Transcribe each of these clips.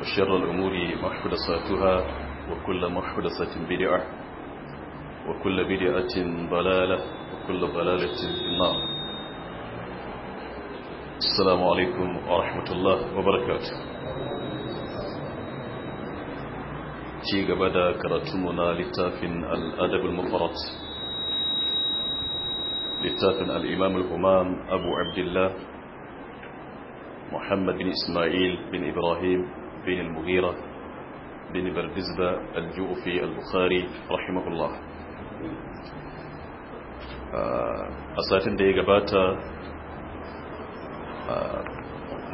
وشر الأمور محدثاتها وكل محدثة بدعة وكل بدعة ضلالة وكل ضلالة في النار السلام عليكم ورحمة الله وبركاته تيغ بدا كرتمنا لتاف الأدب المفرط لتاف الإمام الهمام أبو عبد الله محمد بن إسماعيل بن إبراهيم بن المغيرة بن بربزبة الجوفي البخاري رحمه الله أساتن آه، دي قبات آه،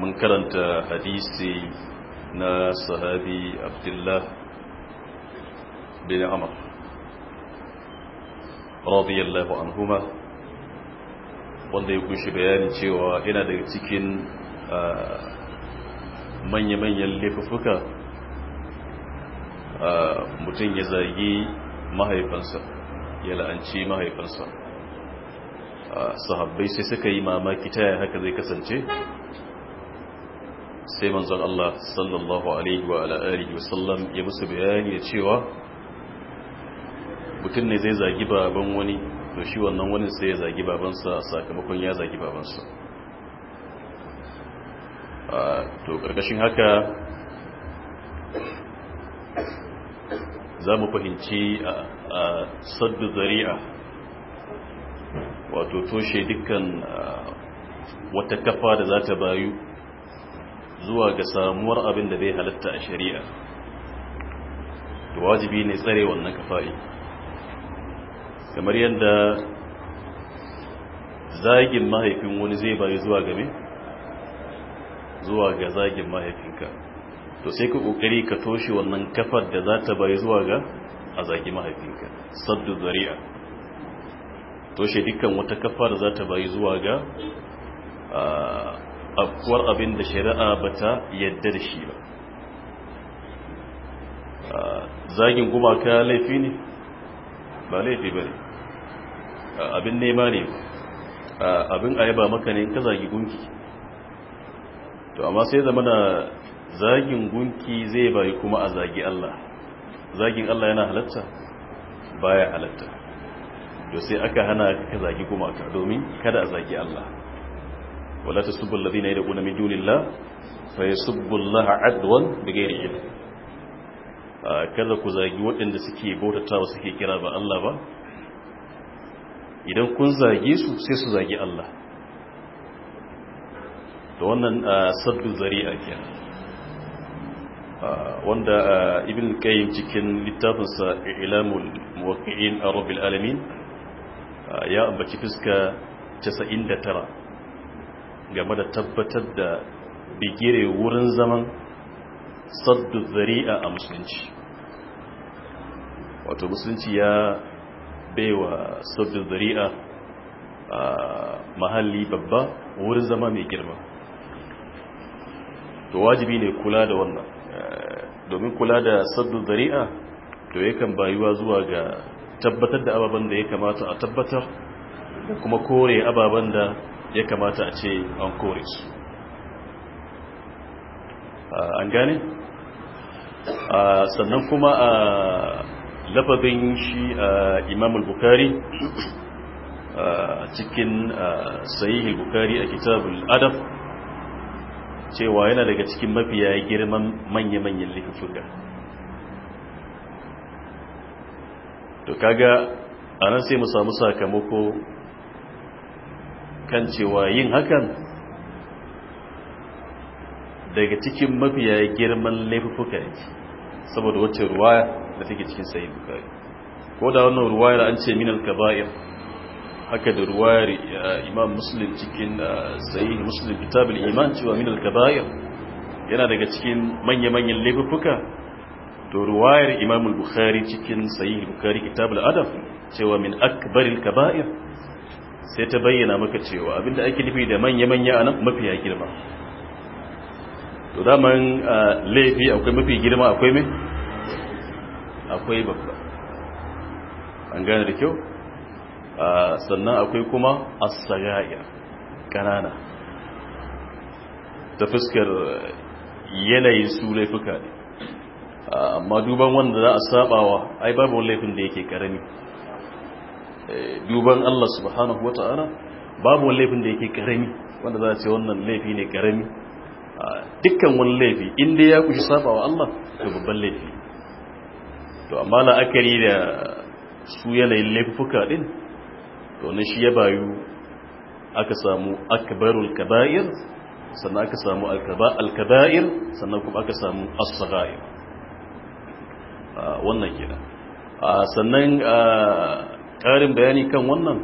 من كرنت حديثي نا صحابي عبد الله بن عمر رضي الله عنهما wanda ya kunshi bayanin cewa yana daga cikin manya-manyan a mutum ya zargi mahaifansa ya la'anci mahaifansa sahabbai sai suka yi mamaki ta yaya haka zai kasance sai manzon Allah sallallahu alaihi wa wa sallam ya musu bayani da cewa mutum ne zai zagi baban wani to shi wannan wani sai ya zagi babansa sakamakon ya zagi babansa to ƙarƙashin haka za mu fahimci a saddu zari'a wato toshe dukkan wata kafa da za ta bayu zuwa ga samuwar abin da bai halatta a shari'a da wajibi ne tsare wannan kafa'i kamar yadda zagin mahaifin wani zai bayu zuwa game zuwa ga zagin mahaifinka to sai ka kokari ka toshe wannan kafar da za ta bai zuwa ga a zagin mahaifinka saddu zari'a toshe dukkan wata kafar da za ta bai zuwa ga afkuwar abin da shari'a ba ta yadda da shi ba zagin gumaka laifi ne ba laifi ba ne abin nema ne abin ayaba maka ne ka zagi gunki to amma sai zama da zagin gunki zai bayi kuma a zagi Allah zagin Allah yana halatta baya halatta to sai aka hana ka zagi kuma ka domin kada a zagi Allah wala tasubbu alladhina yad'una min dunillah fa Allah adwan bighairi ilm kada ku zagi waɗanda suke bautatawa suke kira ba Allah ba idan kun zage su sai su zagi Allah da wannan ah, saddu zari'a ke ah, wanda ah, ibin qayyim cikin littafinsa ilamun muwaqqi'in a rabin alamin ya ambaci fuska 99 game da tabbatar da bigire wurin zaman saddu zari'a a musulunci wato musulunci ya baiwa saddu zari'a mahalli babba wurin zama mai girma to wajibi ne kula da wannan eh, domin kula da saddu zari'a to yakan bayuwa zuwa ga tabbatar da ababen da ya kamata a tabbatar da kuma kore ababen da ya kamata a ce an kore su eh, an gane eh, sannan kuma a lafazin shi a imam al-bukhari cikin al bukari a kitabul adab cewa yana daga cikin mafiya girman manya-manyan laifuka to kaga a nan sai mu samu sakamako kan cewa yin hakan daga cikin mafiya girman laifuka yake saboda wacce ruwaya da take cikin sayi bukari ko da wannan ruwayar an ce minal kaba'ir haka da ruwayar imam muslim cikin uh, sayi muslim kitabul iman cewa min al-kaba'ir yana daga cikin manya-manyan laifuka to ruwayar imam al-bukhari cikin sayi bukhari kitabul adab cewa min al kaba'ir sai ta bayyana maka cewa abinda ake nufi da manya-manya a mafi girma to daman uh, laifi akwai mafi girma akwai me akwai babba an gane da kyau Ah, sannan akwai kuma as-sagair ta fuskar yanayin su laifuka ne ah, amma duban wanda za a sabawa ai babu laifin da yake karami eh, duban Allah subhanahu wata'ala babu laifin da yake karami wanda za a ce wannan laifi ne karami ah, dukkan wani laifi inda ya kushi sabawa Allah to babban laifi to amma la'akari da su yanayin laifuka din domin shi ya bayu aka samu akbarul kaba'ir sannan aka samu alkaba'ir sannan kuma aka samu as ah, wannan gina ah, sannan ah, ƙarin bayani kan wannan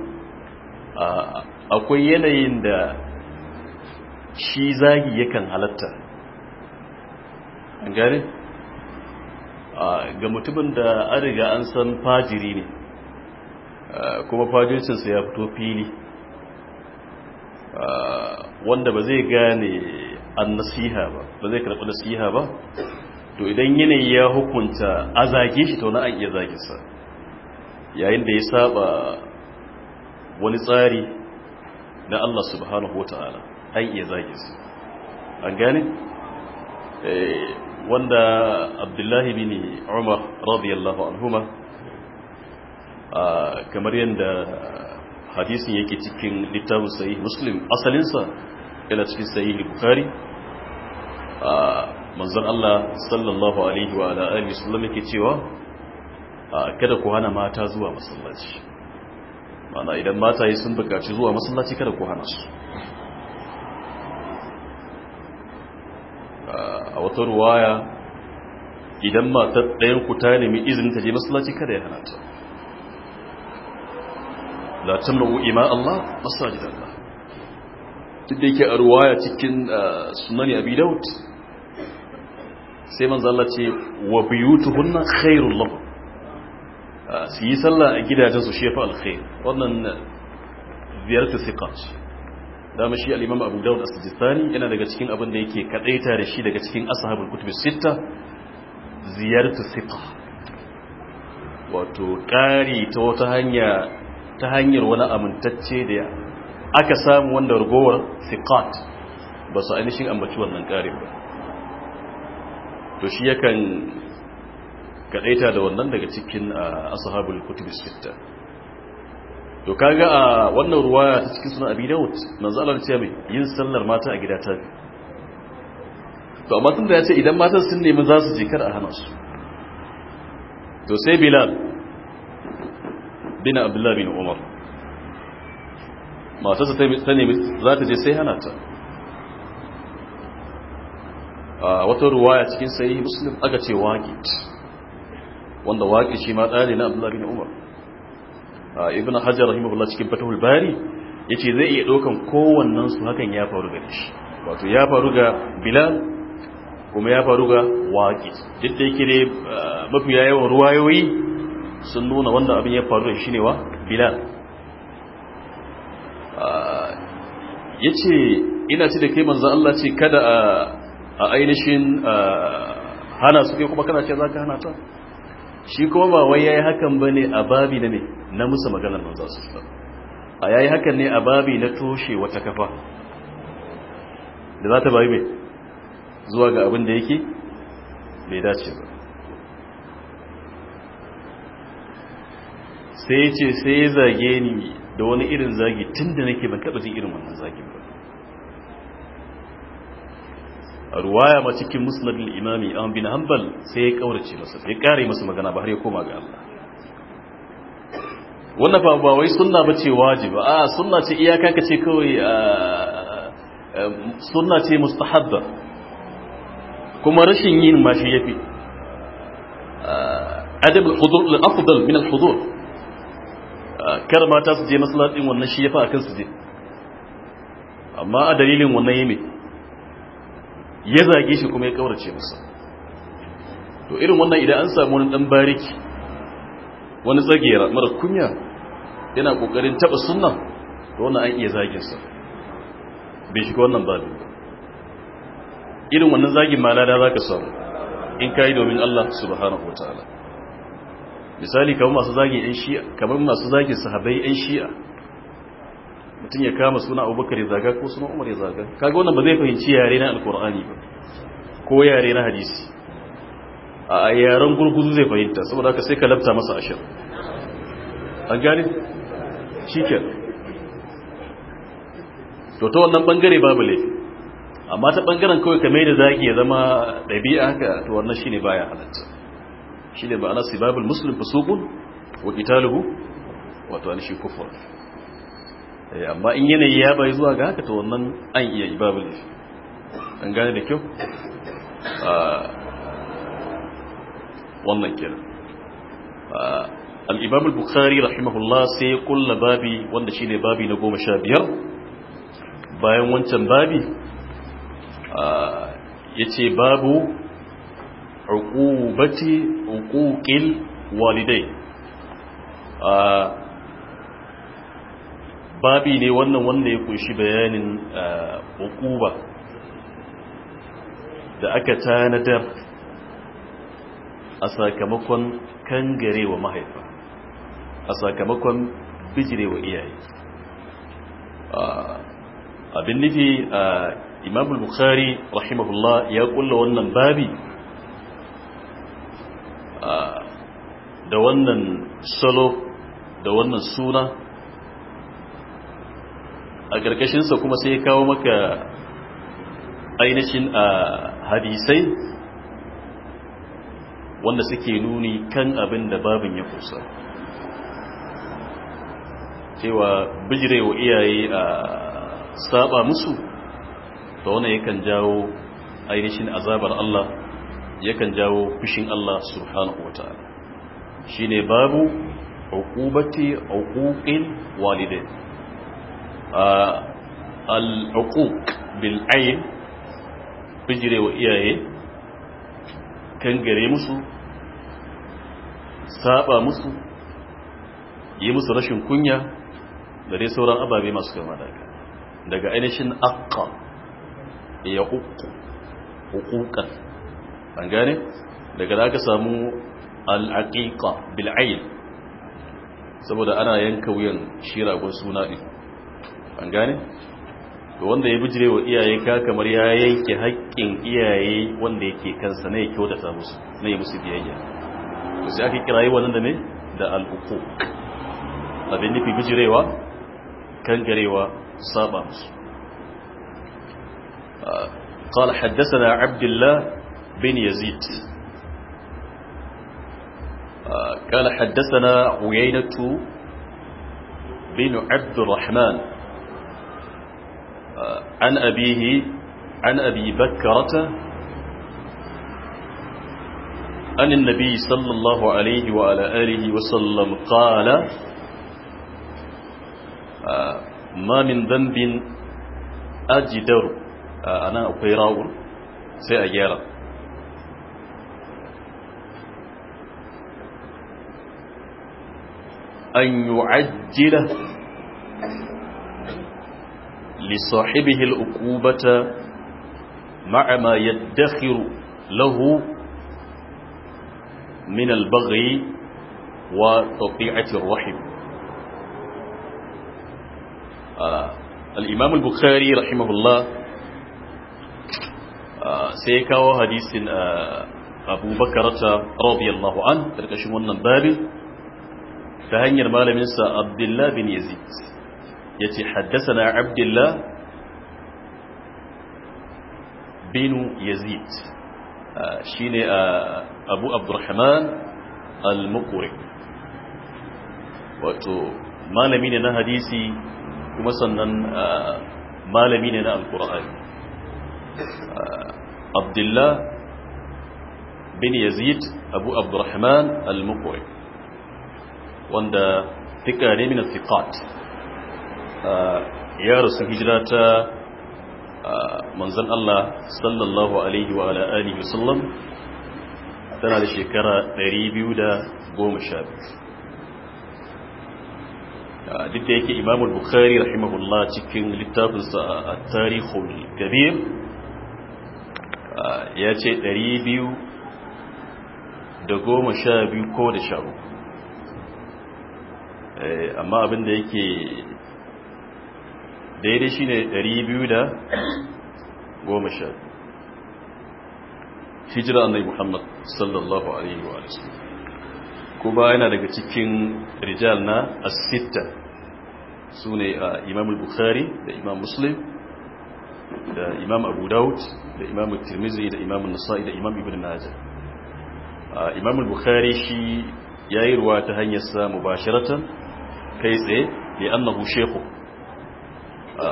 akwai yanayin da shi zagi yakan halatta an gane ga mutumin da an riga an san fajiri ne Eh, kuma fajircinsa ya fito fili eh, wanda ba zai gane an nasiha ba ba zai karɓi nasiha ba to idan yanayi ya hukunta a zage shi to na an iya zaginsa yayin da ya saba wani tsari na Allah subhanahu wa ta'ala an iya zaginsa an gane? Eh, wanda abdullahi bin umar radiyallahu anhuma kamar yadda hadisin yake cikin littafin sayi muslim asalinsa yana cikin bukari a manzan Allah sallallahu alaihi wa ala'ari wasallam yake cewa kada ku hana mata zuwa masallaci mana idan mata yi sun bukaci zuwa masallaci kada ku hana su a wata ruwaya idan matar ɗayan ku ta nemi izinin ta je masallaci kada ya hana ta la tamnu ima Allah masajid Allah duk da yake a ruwaya cikin sunani abi daud sai manzo Allah ce wa buyutuhunna khairul lahum su yi sallah a gidajen su shefa alkhair wannan ziyarta siqat dama shi al abu daud yana daga cikin abin da yake kadaita da shi daga cikin ashabul kutub sitta ziyarta siqa wato ƙari ta wata hanya ta hanyar wani amintacce da ya aka samu wanda rugowar fiqat ba su ainihin ambaci wannan ƙari ba to shi yakan kaɗaita da wannan daga cikin ashabul kutubis sittah to kaga a wannan ruwaya ta cikin sunan abi dawud manzo Allah ce mai yin sallar mata a gida ta to amma tun da ya ce idan matan sun nemi za su je kar a hana su to sai bilal bin abdullahi bin umar matarsa ta nemi za ta je sai hana ta a wata ruwaya cikin sai muslim aga ce waƙit wanda waƙi shi ma dali na abdullahi bin umar ibn hajar rahimahullah cikin fatahul bari yace zai iya dokan kowannan su hakan ya faru ga shi wato ya faru ga bilal kuma ya faru ga waƙit duk da yake ne mafi yawan ruwayoyi sun nuna wanda abin ya faru da shi ne wa bilal ah, ya ce ina ce da kai manza Allah ce kada a ainihin hana su ke kuma kana ce za ka hana ta shi kuma ba wai ya yi hakan ba ne a babi na ne na musa maganar manzan su a ya yi hakan ne a babi na toshe wata kafa da za ta bayi mai zuwa ga abin da yake mai dace ba sai ya ce sai ya zage ni da wani irin zagi tun da nake ban taɓa jin irin wannan zagin ba a ruwaya ma cikin musnadin imami an bin hanbal sai ya kaurace masa ya kare masa magana ba har ya koma ga Allah wannan fa ba wai sunna bace wajiba a sunna ce iyaka ka ce kawai sunna ce mustahabba kuma rashin yin ma shi yafi adab al-hudur al-afdal min al-hudur kar mata su je masalatin wannan shi ya fa akan su je amma a dalilin wannan yame ya zage shi kuma ya kaurace masa to irin wannan idan an samu wani dan bariki wani tsagera mara kunya yana kokarin taba sunna to wannan an iya zagin sa bai shiga wannan babu irin wannan zagin ma lada zaka samu in kai domin Allah subhanahu wataala misali kamar masu zagin yan shi'a kamar masu zagin sahabbai yan shi'a mutum ya kama suna abubakar ya zaga ko suna umar ya zaga kaga wannan ba zai fahimci yare na alkur'ani ba ko yare na hadisi a yaren gurguzu zai fahimta saboda haka sai ka labta masa ashir an gane shiken to ta wannan bangare babu laifi amma ta bangaren kawai ka mai da zagi ya zama ɗabi'a haka to wannan shine baya halatta shi ne ma'ana sibabul muslim fasukun wa italihu wato an alshi kufur eh, amma in yanayi ya bai zuwa ga haka ta wannan an iya yi babu laifi an gane da kyau a ah, wannan kira ah, alibam al-bukhari rahimahullah sai kulla babi wanda shi ne babi na goma sha biyar bayan wancan babi ah, ya ce babu uqubati uquqil walidai babi ne wannan wanda ya kunshi bayanin uquba da aka tanadar a sakamakon kangarewa mahaifa a sakamakon bijirewa iyaye abin nufi imam bukhari rahimahullah ya kulla wannan babi da wannan salo da wannan suna a ƙarƙashinsa kuma sai ya kawo maka ainihin a hadisai wanda suke nuni kan abin da babin ya kusa cewa bijirewa iyaye a saba musu da wannan yakan jawo ainihin azabar Allah yakan jawo fushin Allah subhanahu wa ta'ala shine babu uqubati uquqil walidain al uquq bil ayn wa iyaye kan gare musu saba musu yi musu rashin kunya da dai sauran ababe masu kama daga daga ainihin akka ya hukukan an gane daga da aka samu al'aƙiƙa bil'ayil saboda ana yanka wuyan shi ragon suna ɗin an gane to wanda ya bijire wa iyaye ka kamar ya yanke haƙƙin iyaye wanda yake kansa na ya kyautata musu na ya musu biyayya to sai aka kira yi wannan da ne da al'uku abin nufi bijirewa kangarewa saba musu قال حدثنا عبد الله بن يزيد آه، قال حدثنا عيينة بن عبد الرحمن آه، عن أبيه عن أبي بكرة عن النبي صلى الله عليه وعلى آله وسلم قال آه، ما من ذنب أجدر أنا أقيراون سيأجيرا أن يعجل لصاحبه العقوبة مع ما يدخر له من البغي وتطيعة الرحم آه الإمام البخاري رحمه الله آه سيكاو حديث آه أبو بكرة رضي الله عنه تركشمون النبابي ta hanyar malaminsa abdullah bin yazid ya ce haddasa abdullah bin yazid shi ne abu abdurrahman al-mukure wato malami ne na hadisi kuma sannan malami ne na al-qur'ani abdullah bin yazid abu abdurrahman al-mukure wanda fika ne min thiqat uh, ya rasu hijira ta uh, manzon Allah sallallahu alaihi wa ala alihi wasallam tana da shekara 212 uh, duk da yake imamu bukhari rahimahullah cikin littafinsa a tarihul kabir ya ce 212 ko da sha uku Eh, amma abin da yake daidai shi goma 210 hijira annabi Muhammad sallallahu alaihi wa sallam kuma yana daga cikin rijal na as Su ne a ah, imamul bukhari da Imam Muslim da Imam Abu Dawud da Imam Tirmidhi da Imam nasai da Imam Ibn najar ah, Imam bukhari shi ya yi ruwa ta hanyar sa mubasharatan kai tsaye li annahu shehu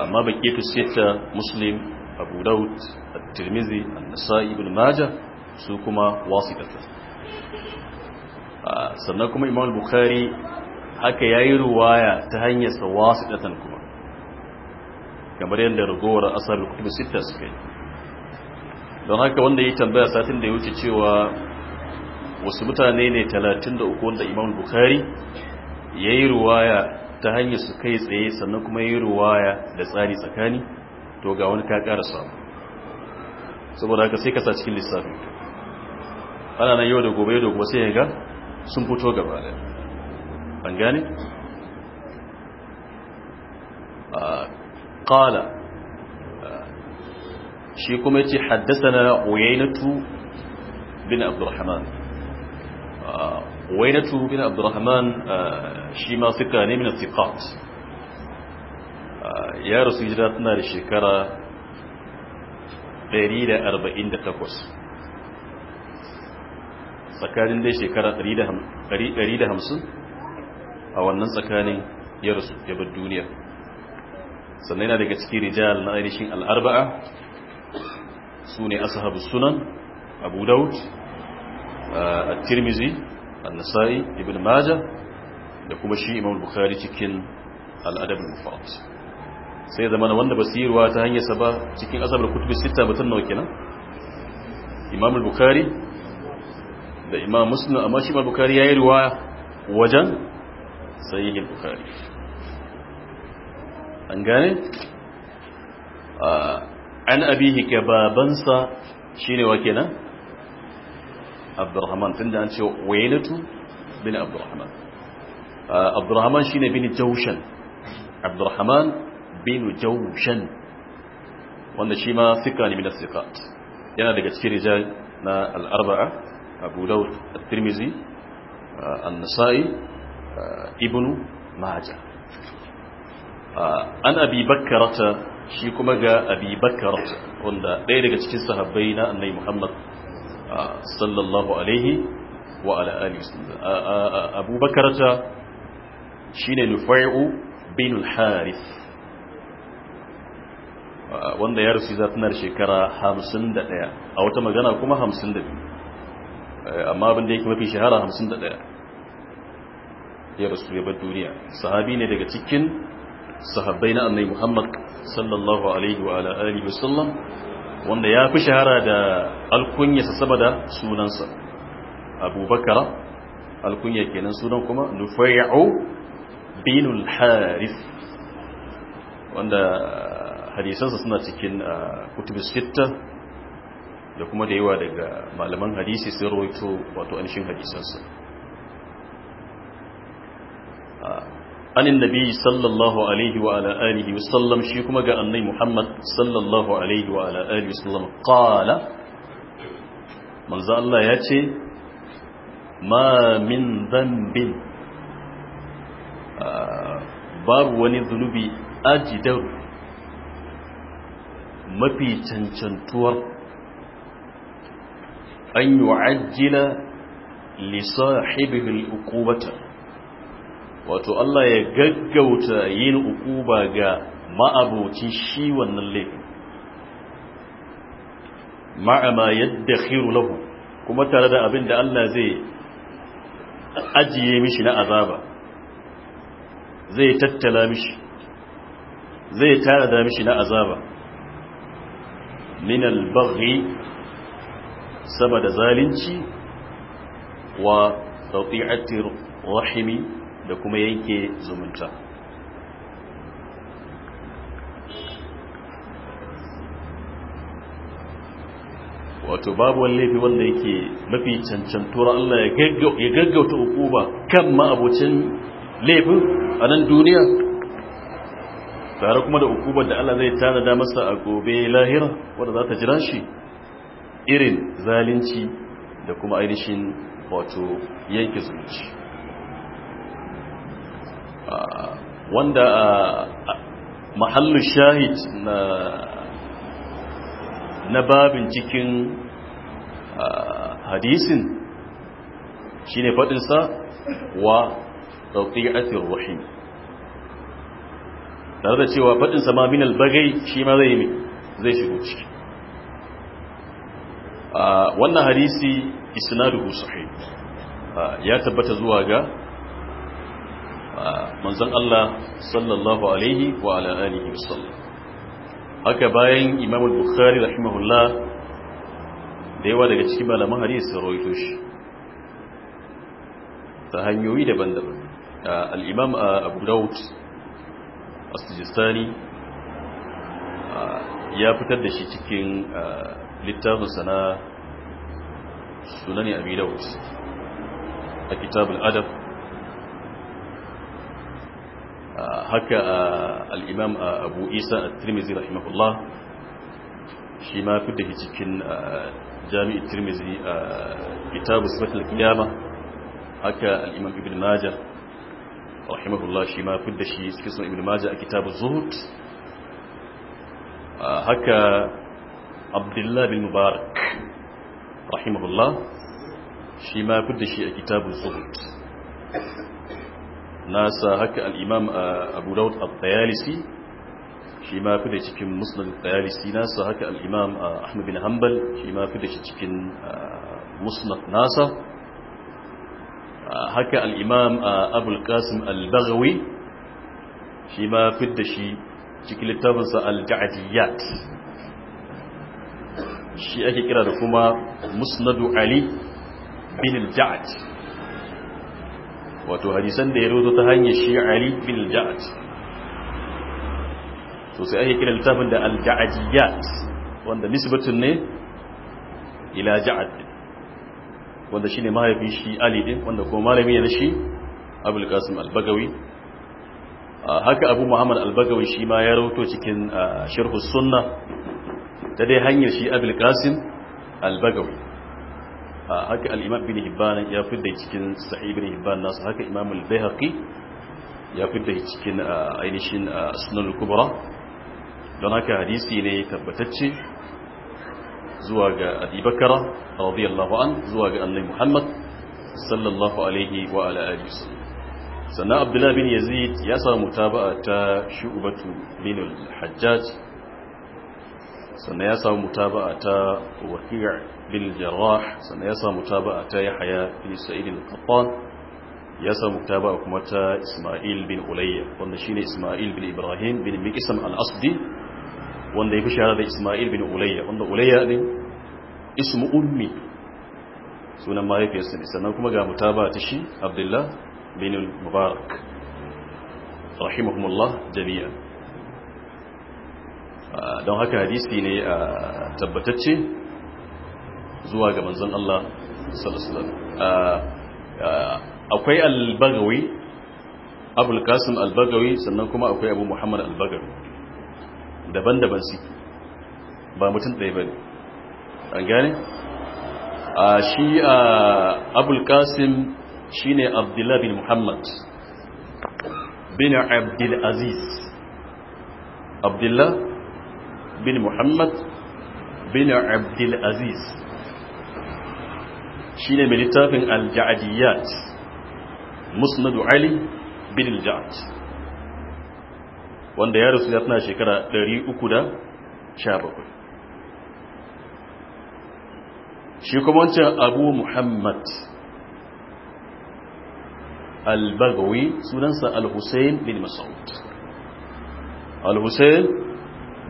amma ke sita muslim abu daud at-tirmidhi an ibn maja su kuma wasu wasitata sannan kuma imam bukhari haka ya yi ruwaya ta hanyar sa wasitatan kuma kamar yadda ragowar asar kutubu sita su kai don haka wanda ya tambaya satin da ya wuce cewa wasu mutane ne talatin 33 wanda imam bukhari ya yi ruwaya ta hanyar su kai tsaye sannan kuma ya yi ruwaya da tsari tsakani to ga wani ka ƙara samu saboda haka sai ka sa cikin lissafi ana nan yau da gobe yau da gobe sai ya ga sun fito gaba da an gane? kala shi kuma ce haddasa na oyainatu bin abdulrahman wainatu bin abdurrahman eh, shi ma suka ne min eh, ya rasu hijira tana da shekara 148 tsakanin dai shekara 150 a wannan tsakanin ya rasu ya bar duniya sannan daga cikin rijal na ainihin al'arba'a su ne asahabu sunan abu daud eh, a tirmizi annasa'i ibn maja da kuma shi imam bukhari cikin al'adab al-mufrad sai zama na wanda basirwa ta hanyar sa ba cikin asabar kutubi sita batun nawa kenan imam bukhari da imam muslim amma shi imam bukhari yayi riwaya wajen sahih bukhari an gane ah, an abihi ka babansa shine wa kenan abdurrahman tunda an ce wailatu bin abdurrahman abdurrahman shine bin jawshan abdurrahman bin jawshan wanda shi ma sika ne min sikat yana daga cikin rijal na al-arba'a abu daud at-tirmizi an-nasa'i ibnu majah an abi bakkarata shi kuma ga abi bakkarata wanda ɗaya daga cikin sahabbai na annabi muhammad sallallahu alaihi wa ala alihi abubakar ta shine nufai'u bin al-harith wanda ya rasu zatunar shekara 51 a wata magana kuma 52 amma abinda yake mafi shahara 51 ya rasu ya bar duniya sahabi ne daga cikin sahabbai na annai muhammad sallallahu alaihi wa ala alihi wasallam wanda ya fi shahara da alkunyarsa saboda sunansa abubakar alkunya kenan sunan kuma nufai'u binul haris wanda hadisansa suna cikin ah, kutubus sitta da kuma da yawa daga malaman hadisi sun rawaito wato anshin hadisansa ah, anin nabi sallallahu alaihi wa ala wa sallam shi kuma ga annai muhammad sallallahu alaihi wa ala wa sallam qala manzo Allah ya ce ma min dhanbin ah, babu wani zunubi ajidar mafi cancantuwar an yu'ajjila li sahibihi wato Allah ya gaggauta yin ukuba ga ma'abocin shi wannan laifin ma'ama yadda khiru lahu kuma tare da abin da Allah zai ajiye mishi na azaba zai tattala mishi zai tara da mishi na azaba min al-baghi saboda zalunci wa tawti'atir rahimi da kuma yanke zumunta wato babu wani laifi wanda yake mafi tura Allah ya gaggauta hukuma kan ma'abucin laifin a nan duniya tare kuma da hukumar da Allah zai tanada masa a gobe lahira wadda za ta jira shi irin zalunci da kuma ainihin wato yanke zumunci wanda mahallu shahid na na babin cikin hadisin shine faɗinsa wa asir rahim tare da cewa faɗinsa ma min albagai shi ma zai zai shigo ciki wannan hadisi isnadu sahih ya tabbata zuwa ga manzan Allah sallallahu alaihi wa ala alihi wasallam haka bayan Imam Bukhari rahimahullah da yawa daga cikin malaman hadis sun rawaito shi ta hanyoyi daban-daban al-Imam Abu Dawud as ya fitar da shi cikin littafin sana sunani abu Dawud a kitabul adab haka al'imam abu isa a tirmizi rahimahullah shi ma fi da cikin jami'in tirmizi a kitabu sifatul kiyama haka al'imam ibn majah rahimahullah shi ma fi da shi cikin sun ibn majah a kitabu zuhud haka abdullah bin mubarak rahimahullah shi ma fi da shi a kitabu zuhud nasa haka al'imam abu daud al-tayalisi shi ma fi da cikin musnad al-tayalisi nasa haka al'imam ahmad bin hanbal shi ma fi da shi cikin musnad nasa haka al'imam abul qasim al-baghawi shi ma fi da shi cikin littafinsa al-ja'adiyyat shi ake kira da kuma musnadu ali bin al-ja'ad wato hadisan da ya rozo ta hanyar shi ali bin ja'ad to sai ake kira littafin da al-ja'adiyat wanda nisbatun ne ila ja'ad wanda shine mahaifin shi ali din wanda kuma malami ne shi abul qasim al-bagawi haka abu muhammad al-bagawi shi ma ya rawato cikin sharh sunna Ta dai hanyar shi abul qasim al-bagawi haka al bin hibban ya fidda cikin sahih bin hibban nasu haka imam al-baihaqi ya fidda cikin ainihin sunan al don haka hadisi ne tabbatacce zuwa ga abubakar radiyallahu an zuwa ga annabi muhammad sallallahu alaihi wa ala alihi sannan abdullahi bin yazid ya samu taba'a ta shu'batu bin hajjaj sannan ya samu mutaba'a ta wakiya bin jarrah sannan ya samu mutaba'a ta yahya bin sa'id al-qattan ya samu mutaba'a kuma ta isma'il bin ulayya wanda shine isma'il bin ibrahim bin miqsam al-asdi wanda yake fi shahara da isma'il bin ulayya wanda ulayya din ismu ummi sunan mahaifiyarsa ne sannan kuma ga mutaba'a ta shi abdullah bin mubarak rahimahumullah jami'an don haka hadisi ne a tabbatacce zuwa ga manzon Allah sallallahu akwai al-bagawi abul qasim al-bagawi sannan kuma akwai abu muhammad al-bagawi daban-daban su ba mutum ɗaya bane an gane a shi a abul qasim shine abdullah bin muhammad bin abdul aziz abdullah بن محمد بن عبد العزيز شيني من لتافن الجعديات مسند علي بن الجعد wanda ya rasu ya tana shekara 317 shi kuma wancan abu muhammad al-bagawi sunansa al-hussein bin masaud al-hussein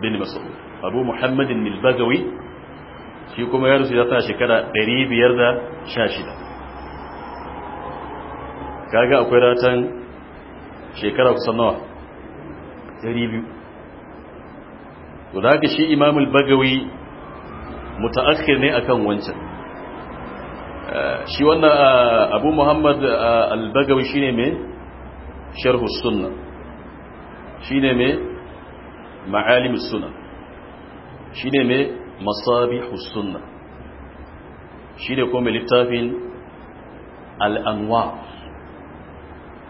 bin masaud abu muhammadin nilbagawi shi kuma ya rusu ya sa shekara 516 kaga akwai ratan shekara kusan nawa 200 to da haka shi imamul bagawi mutaakhir ne akan wancan eh, shi wannan eh, abu muhammad eh, albagawi shine mai sharh sunna shine mai ma'alim sunna shine mai masabihus sunna shine kuma littafin al'anwa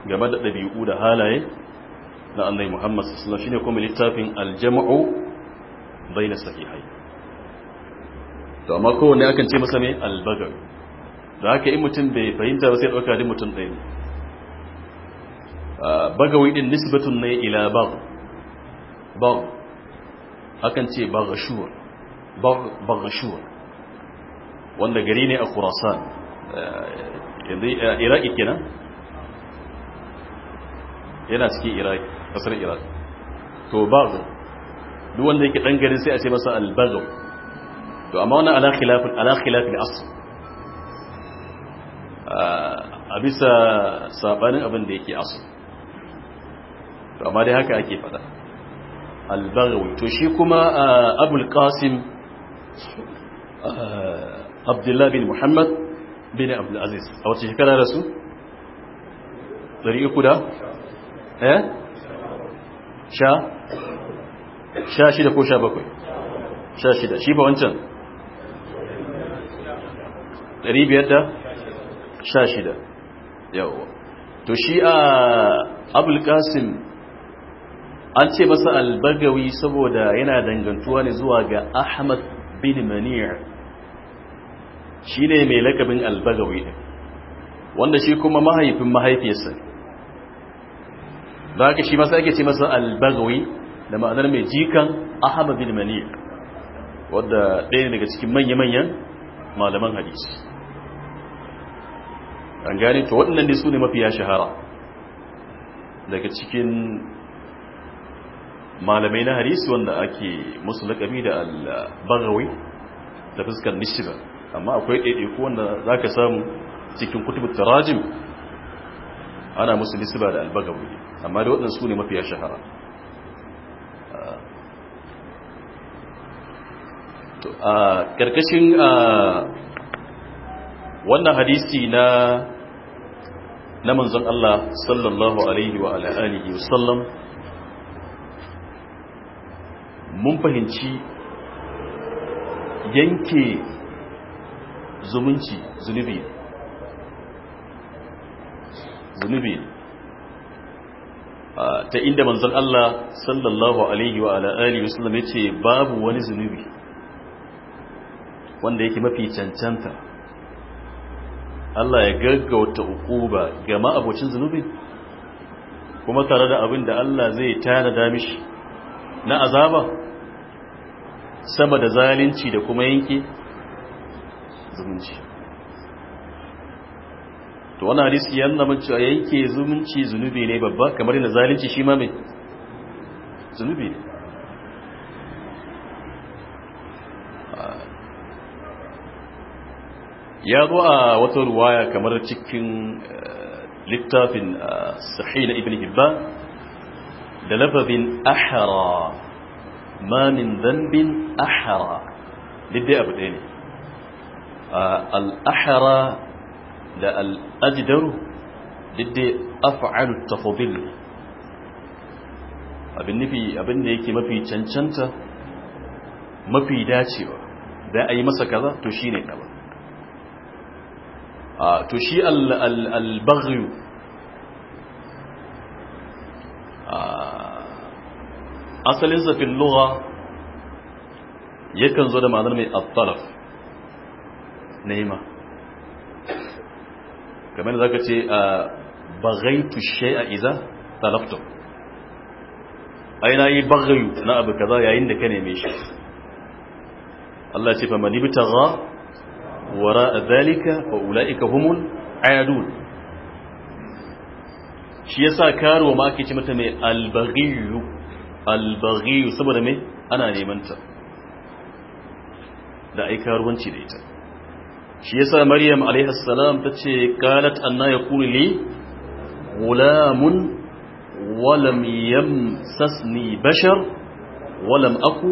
game da ɗabi'u da halaye na annai muhammad sallallahu shine kuma littafin aljama'u na sahihai to amma kowanne akan ce masa mai albagar da haka yi mutum bai fahimta ba sai ɗauka din mutum ɗaya ne ah, bagawi din nisbatun ne ila bag hakan ce baghashur baghashur wanda gari ne a khurasan iraki kenan yana cikin iraki kasar iraki to bagh duk wanda yake dan gari sai a ce masa albagh to amma wannan ala khilafin ala khilafin asl a bisa sabanin abin da yake asu to amma dai haka ake fada albagawi to shi kuma uh, abul qasim uh, abdullahi bin muhammad bin abdulaziz a wace shekara da su? 300 da? eh? sha? sha shida ko sha bakwai? sha shida shi ba wancan? 500 da? sha shida yawo to shi a uh, abul qasim an ce masa albagawi saboda yana dangantuwa ne zuwa ga ahmad bin maniyar shi ne mai lakabin albagawi ne wanda shi kuma mahaifin mahaifiyarsa da ka shi masa ake ce masa albagawi da ma'anar mai jikan ahmad bin maniyar wadda ɗaya daga cikin manya-manyan malaman hadisi an gane to waɗannan ne su ne mafiya shahara daga cikin malamai na hadisi wanda ake musu laƙabi da al-bagawi ta fuskar nishiba amma akwai ɗaiɗaiku wanda za ka samu cikin kutubu tarajim ana musu nishiba da al-bagawi amma da waɗansu ne mafiya shahara a ƙarƙashin wannan hadisi na na manzon Allah sallallahu alaihi wa alihi wasallam mun fahimci yanke zumunci zunubi zunubi ah, ta inda manzon Allah sallallahu alaihi wa alihi wasallam ce babu wani zunubi wanda yake mafi cancanta Allah ya gaggauta hukuba ga ma'abocin zunubi kuma tare da abin da Allah zai tana damishi na azaba saboda zalunci da kuma yanke zumunci to wannan hadisi ya nuna mun cewa yanke zumunci zunubi ne babba kamar yana zalunci shi ma mai zunubi ne ya zo a wata ruwaya kamar cikin eh, littafin eh, sahih na ibn hibban da lafazin ahara ma min zambin ahara dai abu ɗaya ne al'ahara da al'ajidaru dai afa'al tafadil ne abin nufi abin da yake mafi cancanta mafi dacewa da a yi masa kaza to shi ne kaza to shi al-baghiyu asalinsa fil lugha yakan zo da ma'anar mai at-talab nema kamar da zaka ce baghaytu shay'a idza talabtu ai na yi baghayu na abu kaza yayin da ka neme shi Allah ce fa man ibtagha wara zalika fa ulaika humul ayadun shi yasa karuwa ma ake ce mata mai albaghiyu albaghiyu saboda me ana neman ta da aika ruwanci da ita shi yasa maryam alaiha salam tace qalat anna yakunu li gulamun ولم يمسسني بشر ولم أكو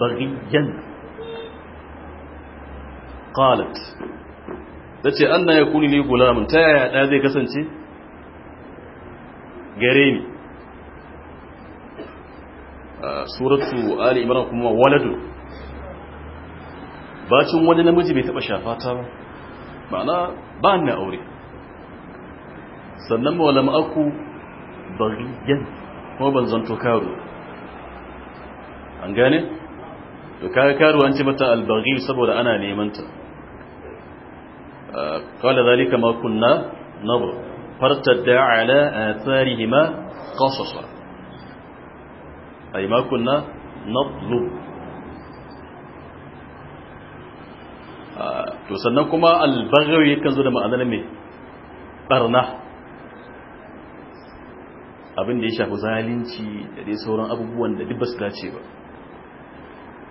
بغيا قالت تتي gulamun ta yaya da zai kasance gare ni? suratu ali imran kuma waladu bacin wani namiji bai taba shafa ta ba ma'ana ba na aure sannan ma walam aku bariyan kuma ban zanto karo an gane to kaga karo an ce mata albaghi saboda ana neman ta qala zalika ma kunna nabu fartadda ala atharihima qasasa أي ما كنا نطلب to sannan kuma albaghawi yakan zo da ma'anar barna abin da ya shafi zalunci da dai sauran abubuwan da duk basu dace ba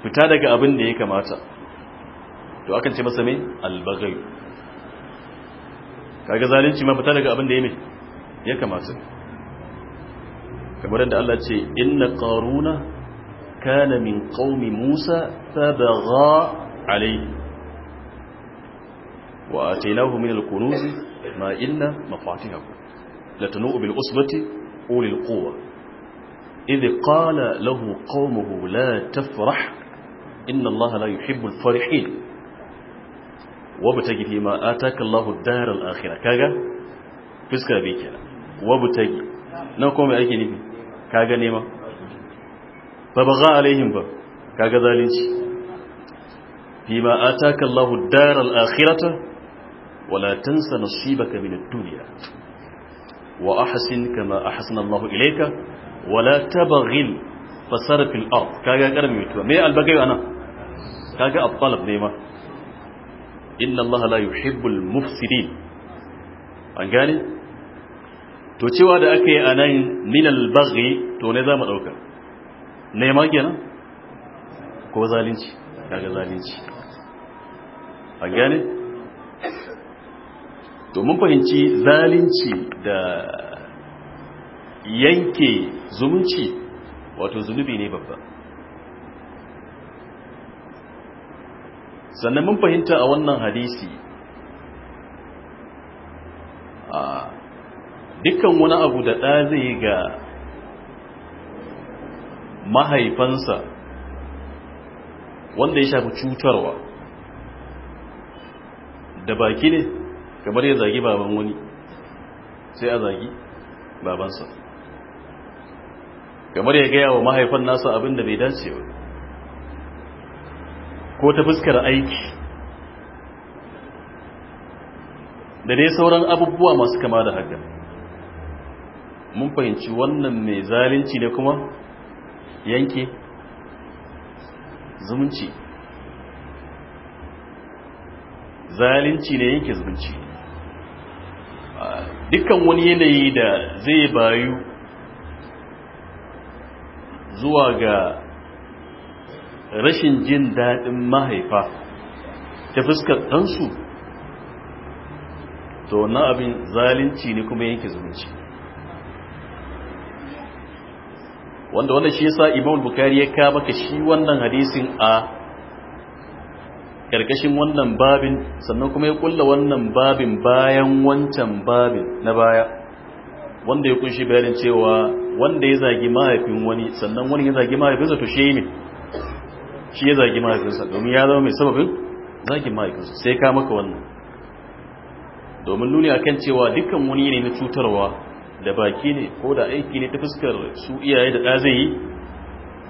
fita daga abin da ya kamata to akan ce masa mai albagai kaga zalunci ma fita daga abin da ya mai ya kamata kamar yadda Allah ce inna qaruna kana min qaumi Musa fabagha alayhi wa atainahu min al-kunuz ma inna mafatihahu latanu bil usbati ulil quwwa idh qala lahu qaumuhu la tafrah inna Allah la yuhibbu al-farihin wabtagi fi ma ataka Allahu ad-dar al-akhirah kaga fiska bi kenan wabtagi na kuma aiki ne kaga nema ba baga alaihim ba kaga zalunci bima ataka Allahu daral akhirata wala tansa nasibaka min ad-dunya wa ahsin kama ahsana Allahu ilayka wala tabghil fasar fil ard kaga karmi to me albagai ana kaga at-talab nema inna Allah la yuhibbul mufsidin an gani to cewa da aka yi a nan minal baghi to ne za mu ɗauka nema kenan ko zalunci daga zalunci a gane to mun fahimci zalunci da yanke zumunci wato zunubi ne babba sannan mun fahimta a wannan hadisi dukkan wani abu da ɗa zai ga mahaifansa wanda ya shafi cutarwa da baki ne kamar ya zagi baban wani sai a zagi babansa kamar ya gaya wa mahaifan nasa abin da bai dace ba ko ta fuskar aiki da dai sauran abubuwa masu kama da haka mun fahimci wannan mai zalunci ne kuma yanke zumunci zalunci ne yanke zumunci dukkan wani yanayi da zai bayu zuwa ga rashin jin daɗin mahaifa ta fuskar ɗansu to na abin zalunci ne kuma yanke zumunci wanda wanda shi yasa imam bukari ya ka maka shi wannan hadisin a karkashin wannan babin sannan kuma ya kulla wannan babin bayan wancan babin na baya wanda ya kunshi bayanin cewa wanda ya zagi mahaifin wani sannan wani ya zagi mahaifinsa to shi ne shi ya zagi mahaifinsa domin ya zama mai sababin zagi mahaifinsa sai ka maka wannan domin nuni akan cewa dukkan wani ne na cutarwa da baki ne ko da aiki ne ta fuskar su iyaye da ɗa zai yi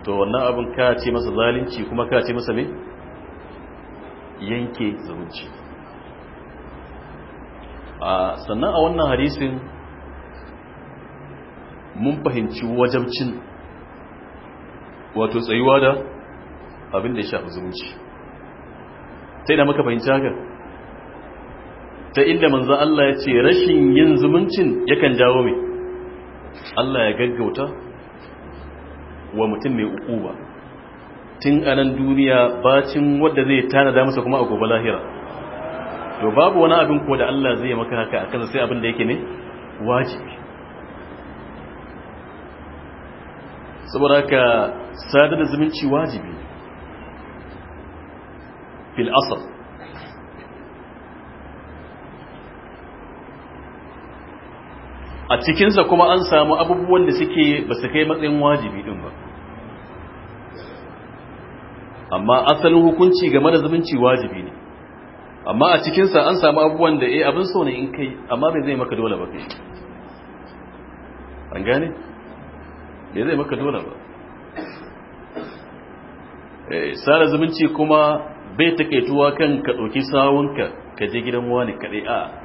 to wannan abin ka ce masa zalunci kuma ka ce masa ne yanke zumunci sannan a wannan hadisin mun fahimci wajabcin wato tsayuwa da abin da ya shafi zumunci sai da muka fahimci haka ta inda manzo Allah ya ce rashin yin zumuncin yakan jawo mai Allah ya gaggauta wa mutum mai ukuba tun anan duniya bacin wadda zai tanada masa kuma a gobe lahira to babu wani abin ko da Allah zai maka haka akan sai abin da yake ne wajibi saboda ka sadar da zumunci wajibi fil asr a cikinsa kuma an samu abubuwan da suke ba su kai matsayin wajibi din ba amma asalin hukunci game da zumunci wajibi ne amma a cikinsa an samu abubuwan da eh abin so ne in kai amma bai zai maka dole ba kai an gane bai zai maka dole ba eh, sada zumunci kuma bai taƙaituwa kan ka ɗauki sawunka ka je gidan wani kaɗai a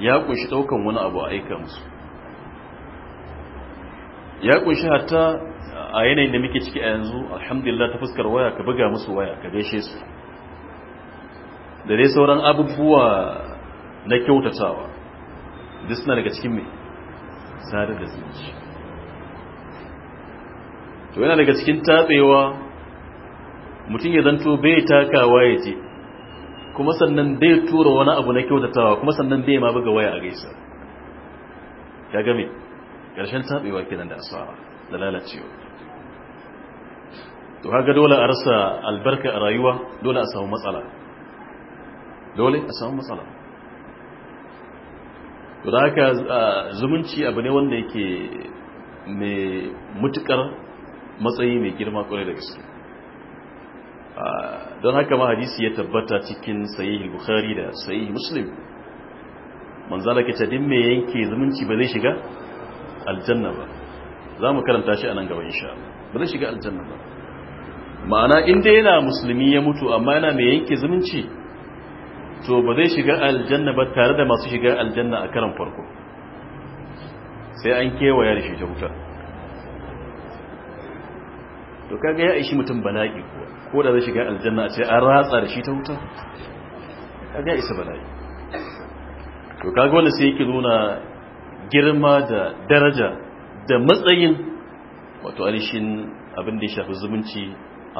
ya kunshi daukan wani abu a aika musu ya kunshi hatta a yanayin da muke ciki a yanzu alhamdulillah ta fuskar waya ka buga musu waya ka gaishe su da dai sauran abubuwa na kyautatawa duk suna daga cikin mai sadar da zuci to yana daga cikin tatsewa mutum ya zanto bai takawa ya ce kuma sannan dai tura wani abu na kyautatawa kuma sannan dai ma buga waya a gaisa ya game ƙarshen taɓewa kenan da asara da lalacewa to haka dole a rasa albarka a rayuwa dole a samu matsala dole a samu matsala to da haka zumunci abu ne wanda yake mai mutukar matsayi mai girma kwarai da gaske don haka ma hadisi ya tabbata cikin sahih bukhari da sahih muslim manzala kace din me yanke zumunci ba zai shiga aljanna ba za mu karanta shi a nan gaba insha Allah ba zai shiga aljanna ba ma'ana in dai yana musulmi ya mutu amma yana mai yanke zumunci to ba zai shiga aljanna ba tare da masu shiga aljanna a karan farko sai an kewaya da shi ta wuta to kaga ya ishi mutum bala'i ko ko da zai shiga aljanna ce an ratsa da shi ta wuta kaga isa bala'i to kaga wanda sai yake nuna girma da daraja da matsayin wato alishin abin da ya shafi zumunci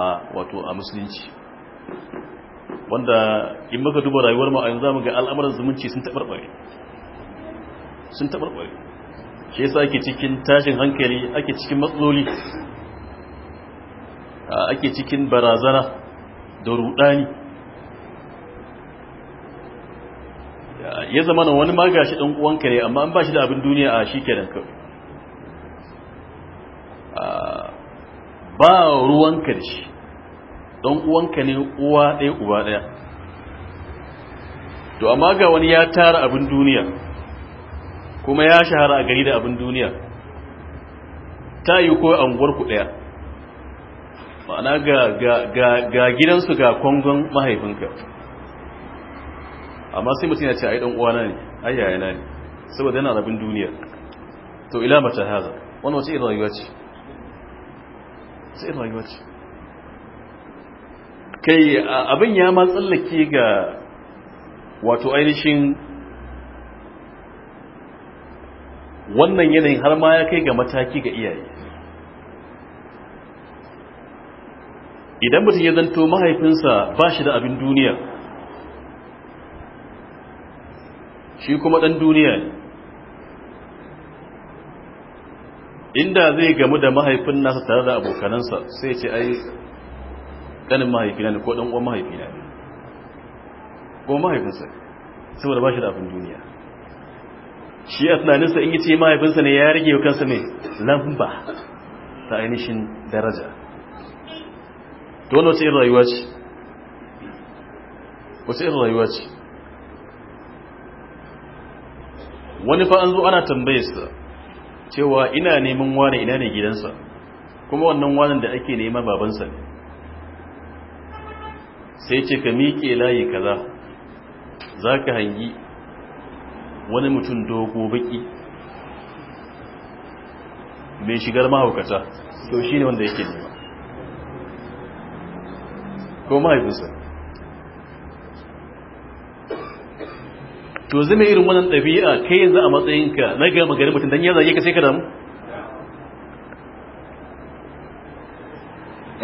a wato a musulunci wanda in muka duba rayuwar mu a yanzu mu ga al'amuran zumunci sun tabarbare sun tabarbare shi yasa ake cikin tashin hankali ake cikin matsaloli ake cikin barazana da rudani ya zama na wani magashi ɗan uwanka ne amma an ba shi da abin duniya a shi kenan kai. ba ruwanka da shi ɗan uwanka ne uwa ɗaya uba ɗaya to amma ga wani ya tara abin duniya kuma ya shahara a gari da abin duniya ta yi ko anguwar ɗaya ma'ana ga gidansu ga kwangon mahaifinka amma sai mutum ya ce yi dan uwana ne ayyaya na ne saboda yana rabin duniya to ila mata haza wani wace irin rayuwa ce irin rayuwa ce kai abin ya ma tsallake ga wato ainihin wannan yanayin har ma ya kai ga mataki ga iyaye idan mutum ya zanto mahaifinsa ba shi da abin duniya shi kuma ɗan duniya inda zai gamu da mahaifin nasa tare da abokanansa sai ce ai ɗanin mahaifina ne ko ɗan uwan mahaifina ne ko mahaifinsa saboda ba shi da abin duniya shi a tunaninsa in yi ce mahaifinsa ne ya rage kansa ne lamba ta ainihin daraja to wani wasu irin rayuwa ce wasu irin rayuwa ce wani fa an zo ana tambayarsa cewa ina neman wane ina ne gidansa kuma wannan wanan da ake nema babansa ne sai ce ka miƙe layi kaza za ka hangi wani mutum dogo baki mai shigar mahaukata to shi ne wanda yake nema ko mahaifinsa to zai mai irin wannan ɗabi'a kai yanzu a matsayinka na gama gari mutum don ya zage ka sai ka damu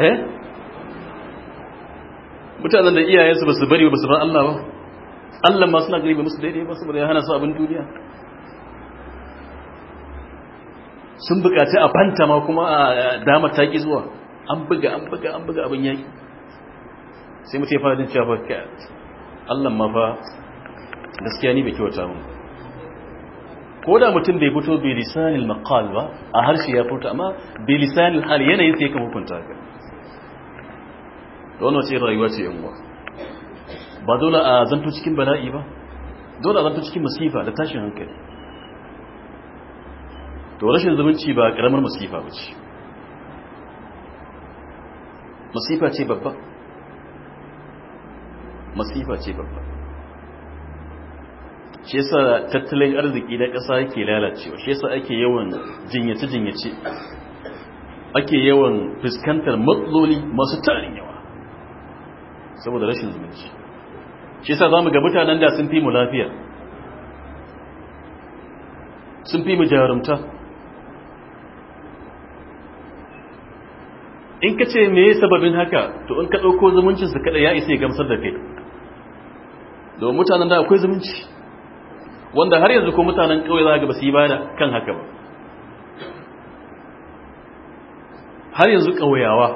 eh mutanen da iyayensu ba su bari ba su ba Allah ba Allah ma suna gari ba musu daidai ba saboda ya hana su abin duniya sun bukaci a fanta ma kuma a dama taƙi zuwa an buga an buga an buga abin yaki sai mutum ya fara jin cewa Allah ma fa gaskiya ni bai kyauta mun ko da mutum bai fito bi lisanil maqal ba a harshe ya fito amma bi lisanil hal yanayin sai ka hukunta ka don wace rayuwa ce yanwa ba dole a zanto cikin bala'i ba dole a zanto cikin masifa da tashin hankali to rashin zumunci ba karamar masifa ba ce masifa ce babba masifa ce babba shi yasa tattalin arziki na ƙasa yake lalacewa shi yasa ake yawan jinyace-jinyace ake yawan fuskantar matsaloli masu tarin yawa saboda rashin zumunci shi yasa za mu ga mutanen da sun fi mu lafiya sun fi mu jarumta in ka ce me sababin haka to in ka ɗauko zumuncinsu kaɗai ya isa ya gamsar da kai domin mutanen da akwai zumunci wanda har yanzu ko mutanen ƙauye za ga ba su yi bada kan haka ba har yanzu ƙauyawa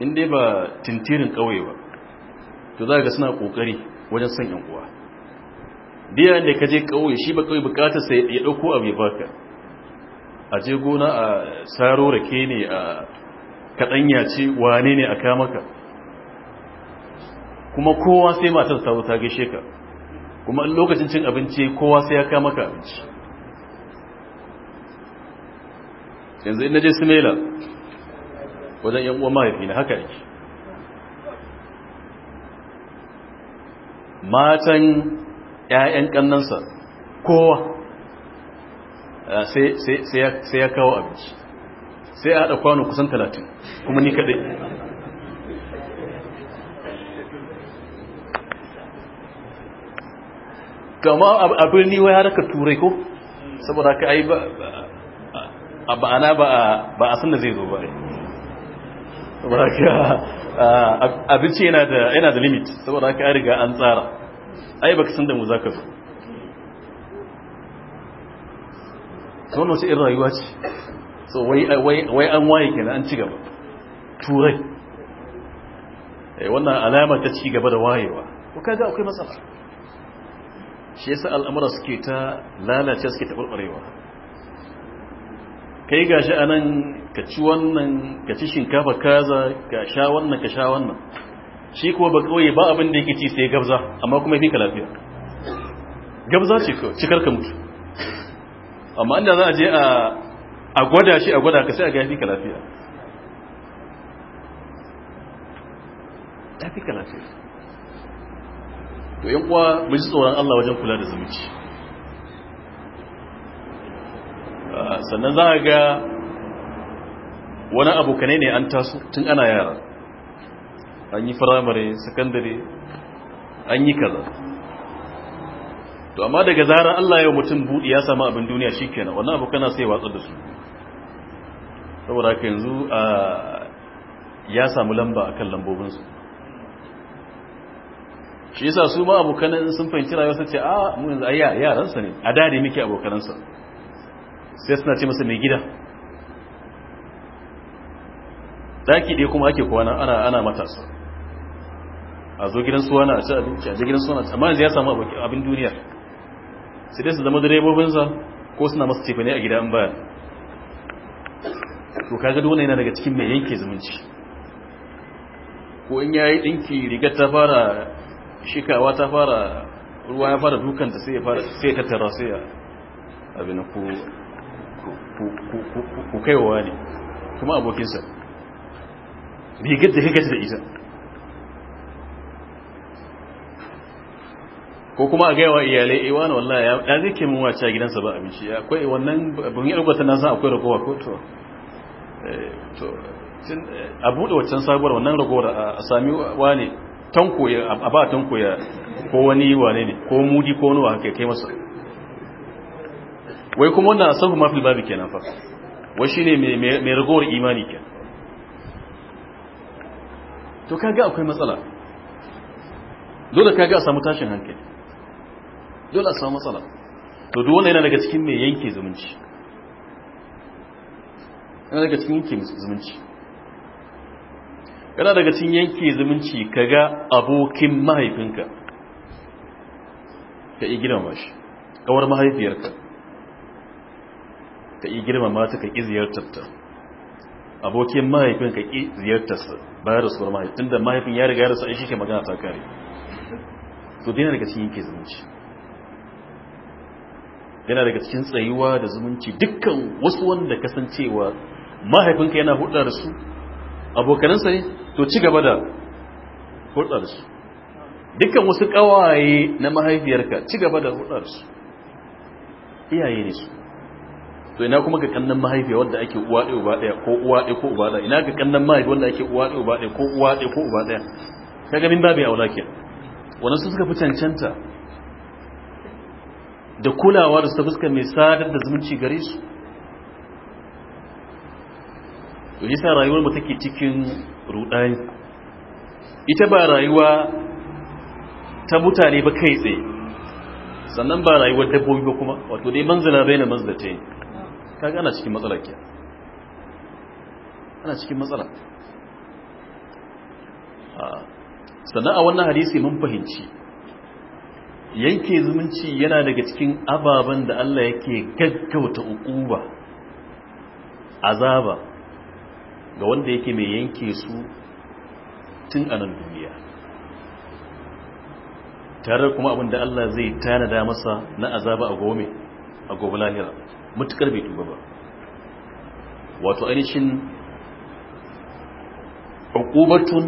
in dai ba tintirin ƙauye ba to za ga suna kokari wajen son yan uwa biya da ka je ƙauye shi ba ƙauye bukatar sai ya ɗauko abu ya baka a je gona a saro rake ne a kaɗanya ce wane ne a kamaka kuma kowa sai matar ta ta gaishe ka kuma lokacin cin abinci kowa sai ya kama ka abinci yanzu in je simela wajen yan uwa mahaifi na haka yake matan ƴaƴan kannansa kowa eh, sai ya kawo abinci sai a haɗa kwano kusan talatin kuma ni kaɗai to a birni wai haraka turai ko saboda ka ai ba ba ana ba a san da zai zo ba saboda ka abinci yana da limit saboda ka riga an tsara ai baka san da mu za ka zo ta wannan in irin rayuwa ce so wai an waye kenan an ci gaba turai eh, wannan alama ta ci gaba da wayewa ko kaga akwai matsala shi yasa al'amura suke ta lalace suke taɓarɓarewa kai ga shi a nan ka ci wannan ka ci shinkafa kaza ka sha wannan ka sha wannan shi kuwa ba kawai ba abin da yake ci sai gabza amma kuma yafi ka lafiya gabza ce kawai cikar ka mutu amma inda za a je a gwada shi a gwada ka sai a ga yafi ka lafiya yafi ka lafiya to yan kuwa mu ji tsoron Allah wajen kula da zumunci ah, sannan za a ga wani abokane ne an taso tun ana yara an yi firamare sakandare an yi kaza to amma daga zarar Allah yau mutum buɗi ya samu abin duniya shi kenan wannan abokana sai watsar da su saboda haka yanzu ah, ya samu lamba a kan lambobinsu shi yasa su ma abokan sun fahimci rayuwa sai ce a ah, mu yanzu yaran yaransa ne a dade muke abokanansa sai suna ce masa mai gida daki dai kuma ake kwana ana ana matasa a zo gidan wani a ci abinci a ji gidan wani amma yanzu ya samu abin duniya sai dai su zama sa ko suna masa cefa ne a gida an baya to kaga dole yana daga cikin mai yanke zumunci ko in yayi dinki rigar ta fara shikawa ta fara ruwa ya fara dukanta sai ya fara sai ta tara ya abin ku ku kaiwa ne kuma abokinsa rigar da kake da ita ko kuma a gaiwa iyalai iwa eh, wani wallahi ya zai ke wace a gidansa ba abinci akwai wannan abin yi rubuta nan san akwai ragowa ko to eh, to eh, a buɗe waccan sabuwar wannan ragowar a sami ne. tanko ya a ba tanko ya ko wani wane ne ko mudi ko wani haka kai masa wai kuma wannan asabu mafi babu kenan fa wai shine mai mai ragowar imani ke to kaga akwai matsala dole kaga a samu tashin hankali dole a samu matsala to duk wannan yana daga cikin mai yanke zumunci yana daga cikin yanke zumunci yana daga cikin yanke zumunci kaga abokin mahaifinka ka yi girmama shi kawar mahaifiyarka ka yi girmama ta ka ƙi ziyartarta abokin mahaifinka ka ƙi ziyartarsa bayar da suwar mahaifin tunda mahaifin ya riga ya rasa shi ke magana ta kare to dai yana daga cikin yanke zumunci yana daga cikin tsayuwa da zumunci dukkan wasu wanda kasancewa mahaifinka yana hudar su abokanansa ne to ci gaba da hulɗar su dukkan wasu kawaye na mahaifiyarka ci gaba da hulɗar su iyaye ne su to ina kuma ga kannan mahaifiya wanda ake uwa ɗaya uba ɗaya ko uwa ɗaya ko uba ɗaya ina ga kannan mahaifi wanda ake uwa ɗaya uba ɗaya ko uwa ɗaya ko uba ɗaya ka min babu ya wula wannan su suka fi cancanta da kulawa da su fuskar mai sadar da zumunci gare su to rayuwar mu take cikin rudani ita ba rayuwa ta mutane ba kai tsaye sannan ba rayuwar dabbobi ba kuma wato dai manzana bai na manzilata ne kaga ana cikin matsala ke ana cikin matsala sannan a wannan hadisi mun fahimci yanke zumunci yana daga cikin ababen da Allah yake gaggauta uquba azaba ga wanda yake mai yanke su tun a nan duniya tare kuma abin da Allah zai tanada masa na azaba a gome a gobe lahira mutukar bai duba ba wato ainihin uqubatun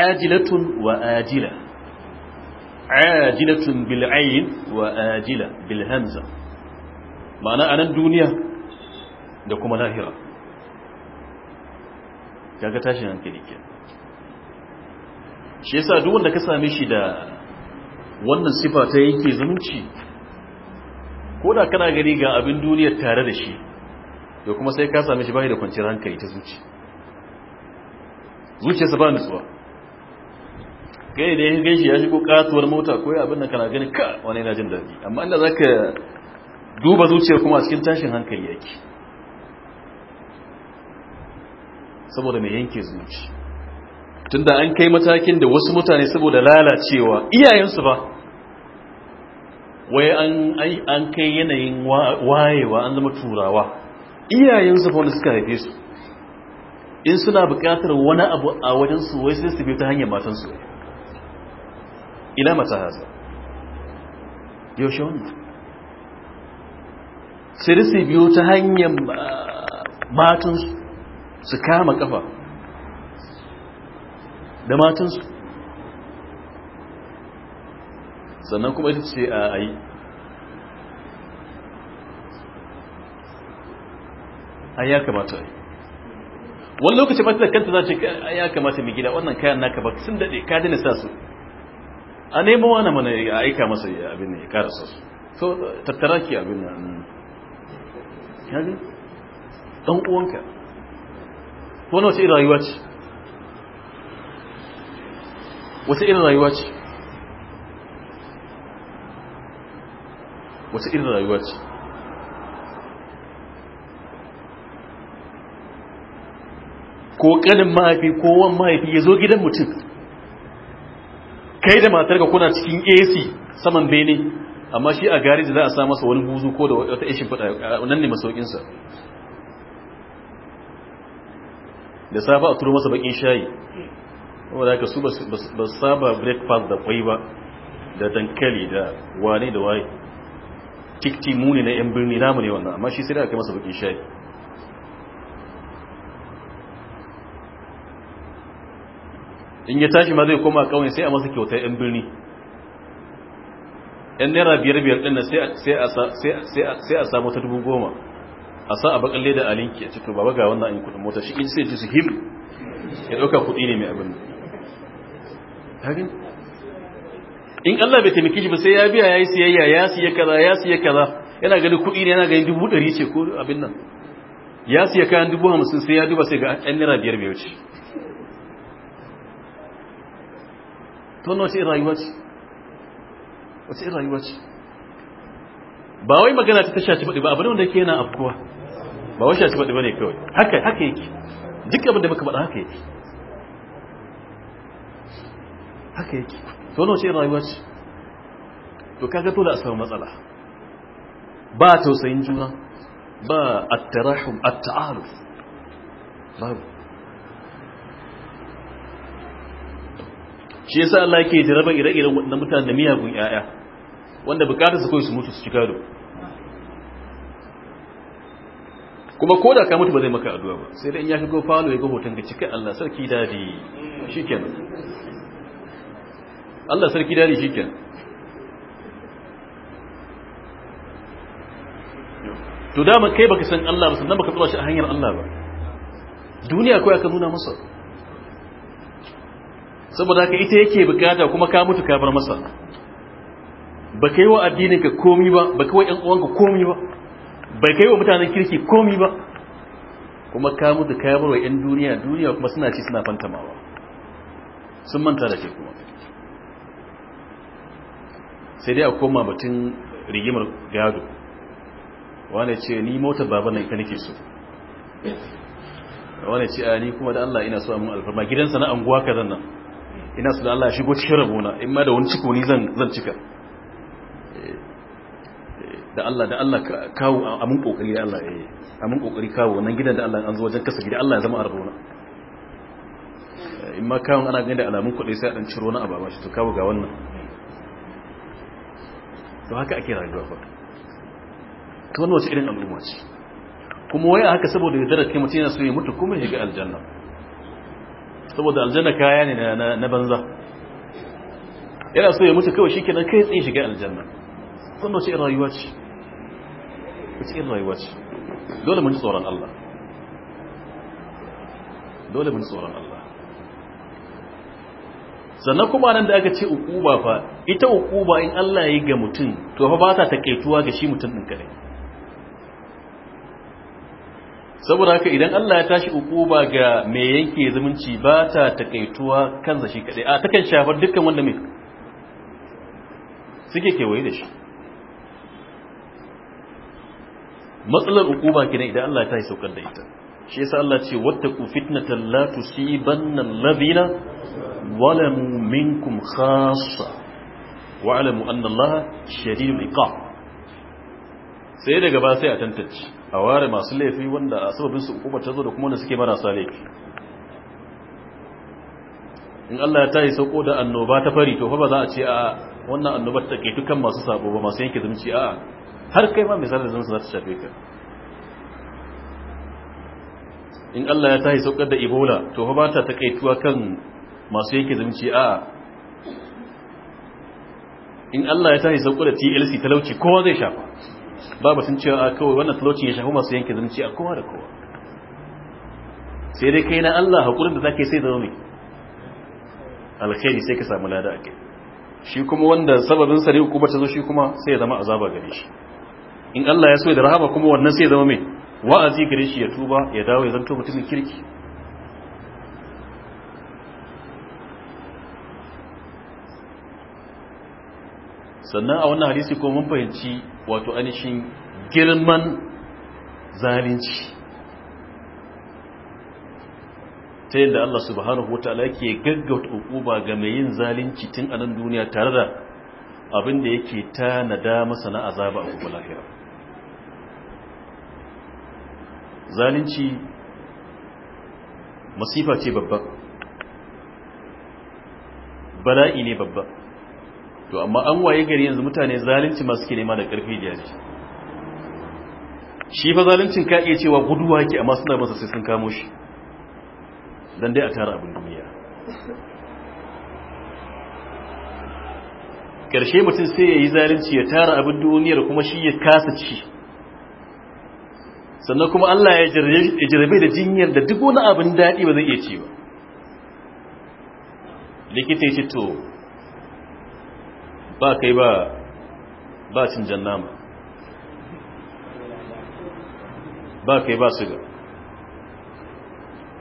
ajilatun wa ajila ajilatun bil ayn wa ajila bil hamza ma'ana anan duniya da kuma lahira kaga tashin hankali ke shi yasa duk wanda ka same shi da wannan sifa ta yake zumunci ko da kana gari ga abin duniyar tare da shi da kuma sai ka same shi bai da kwanciyar hankali ta zuci zuciyarsa ba nutsuwa kai da ya gan shi ya shigo katuwar mota ko abin da kana ganin ka wani yana jin daji. amma inda za ka duba zuciyar kuma a cikin tashin hankali yake saboda mai yanke zuci tunda an kai matakin da wasu mutane saboda lalacewa iyayensu ba wai an kai yanayin wayewa an zama turawa iyayensu fa wanda suka haife su in suna buƙatar wani abu a wajen su wai sai su bi ta hanyar matansu ila mata haza yaushe wanda? sai su biyo ta hanyar ah, matansu su kama kafa da matansu sannan kuma ita ce a ayi a ya kamata yi wani lokacin mata da kanta za ce ya kamata mai gida wannan kayan naka ba sun daɗe ka dina sa su a nemo wani mana ya aika masa abin ne ya sa su so tattara ki abin nan ya ga ɗan uwanka wani wasu irin rayuwa ce wasu irin rayuwa ce wasu irin rayuwa ce ko kanin mahaifi ko wan mahaifi ya zo gidan mutum kai da matar ka kuna cikin ac saman bene amma shi a gari za a sa masa wani buzu ko da wata ishin fada nan ne masaukinsa da safa a turu masa bakin shayi wanda aka su ba saba breakfast da kwai ba da dankali da wane da waye cikci muni na 'yan birni namu ne wannan amma shi sai da aka masa bakin shayi in ya tashi ma zai koma kawai sai a masa kyautar 'yan birni 'yan naira biyar biyar ɗin sai a samu ta dubu goma a sa a bakalle da alinki a ce to baba ga wannan an yi kudin mota shi in sai ce him ya dauka kudi ne mai abin in Allah bai taimake shi ba sai ya biya yayi siyayya ya siya kaza ya siya kaza yana ganin kudi ne yana ganin dubu ɗari ce ko abin nan ya siya kayan dubu hamsin sai ya duba sai ga ɗan naira biyar bai wuce to wannan wace rayuwa ce wace rayuwa ce ba wai magana ta tasha ba abin wanda yake yana afkuwa ba wasu shaci faɗi ne kawai haka haka yake duk abin da muka faɗa haka yake haka yake to nau ce rayuwa ce to kaga da a samu matsala ba tausayin juna ba at-tarahum at-ta'aruf babu shi yasa Allah yake jiraban ire-iren waɗannan mutanen da miyagun 'ya'ya wanda bukatar su kawai su mutu su ci gado kuma ko da ka mutu ba zai maka addu'a ba sai dai in ya shigo falo ya ga hoton ka cika Allah sarki dadi shikenan Allah sarki dadi shikenan to dama kai baka san Allah ba sannan baka tsora shi a hanyar Allah ba duniya kawai aka nuna masa saboda haka ita yake bukata kuma ka mutu ka bar masa baka yi wa addinin ka komi ba ba kai wa ƴan uwanka komi ba bai kai wa mutanen kirki komi ba kuma ka mutu ka wa 'yan duniya duniya kuma suna ci suna fantamawa sun manta da ke kuma sai dai a koma batun rigimar gado wane ce ni motar baba na ita nake so wane ce a ni kuma da Allah ina so a mun alfarma gidansa na anguwa ka zan nan ina su da Allah shigo cikin rabona in ma da wani ciko ni zan cika da Allah da Allah kawo a mun kokari da Allah ya eh, yi a mun kokari kawo wannan gidan da Allah an zo wajen kasa gida Allah ya zama a rabona eh, in ma kawon ana gani da alamun kuɗi sai a ɗan ciro na ababa shi to kawo ga wannan to haka ake rayuwa fa. to wannan wace irin al'umma ce kuma waya haka saboda ya daraske mutum yana so ya mutu kuma ya ga aljanna saboda aljanna kaya ne na banza yana so ya mutu kawai shi kenan kai tsaye shiga aljanna wanda shi rayuwa ce cikin rayuwa dole mun ji tsoron Allah dole mun tsoron Allah sannan kuma nan da aka ce ukuba fa ita ukuba in Allah ya yi ga mutum to fa ba ta takaituwa ga shi mutum din kare saboda haka idan Allah ya tashi ukuba ga mai yanke zumunci ba ta takaituwa kansa shi kaɗai, a takan shafar dukkan wanda mai suke kewaye da shi matsalar hukuma kenan idan Allah ta yi saukar da ita shi yasa Allah ce wattaku fitnatan la tusibanna alladhina zalamu minkum khassa wa'lamu anna Allah shadidul iqab sai daga ba sai a tantance a ware masu laifi wanda a sababin su hukuma ta zo da kuma wanda suke marasa laifi in Allah ya tayi sauko da annoba ta fari to fa ba za a ce a wannan annobar take dukkan masu sabo ba masu yanke zumci a'a. har kai ma misalin zama za ta shafe ka in Allah ya tahi saukar da Ebola to ba ta takaituwa kan masu yake zumci a in Allah ya tahi saukar da TLC talauci kowa zai shafa ba sun cewa a kawai wannan talaucin ya shafi masu yanke zumci a kowa da kowa sai dai kai na Allah hakurin da zaka sai zama mai alkhairi sai ka samu lada a kai shi kuma wanda sababin sare hukumar ta zo shi kuma sai ya zama azaba gare shi in Allah ya so da rahama kuma wannan sai zama mai wa'azi gare shi ya tuba ya dawo ya zanto mutumin kirki sannan a wannan hadisi ko mun fahimci wato anishin girman zalunci ta yadda Allah subhanahu ta'ala ke gaggauta hukuma ga mai yin zalunci tun a nan duniya tare da abin da yake tanada masa na azaba a gobe lahira zalunci masifa ce babba bala'i ne babba to amma an waye gari yanzu mutane zalunci masu ke nema da karfi da yaji shi fa zaluncin ka iya cewa guduwa ke amma suna masa sai sun kamo shi don dai a tara abin duniya ƙarshe mutum sai ya yi zalunci ya tara abin duniyar kuma shi ya kasa ci sannan kuma Allah ya jirbe da jinyar da duk wani abin daɗi ba zai iya ci ba likita ya ce to ba kai ba ba cin jannama ba kai ba suga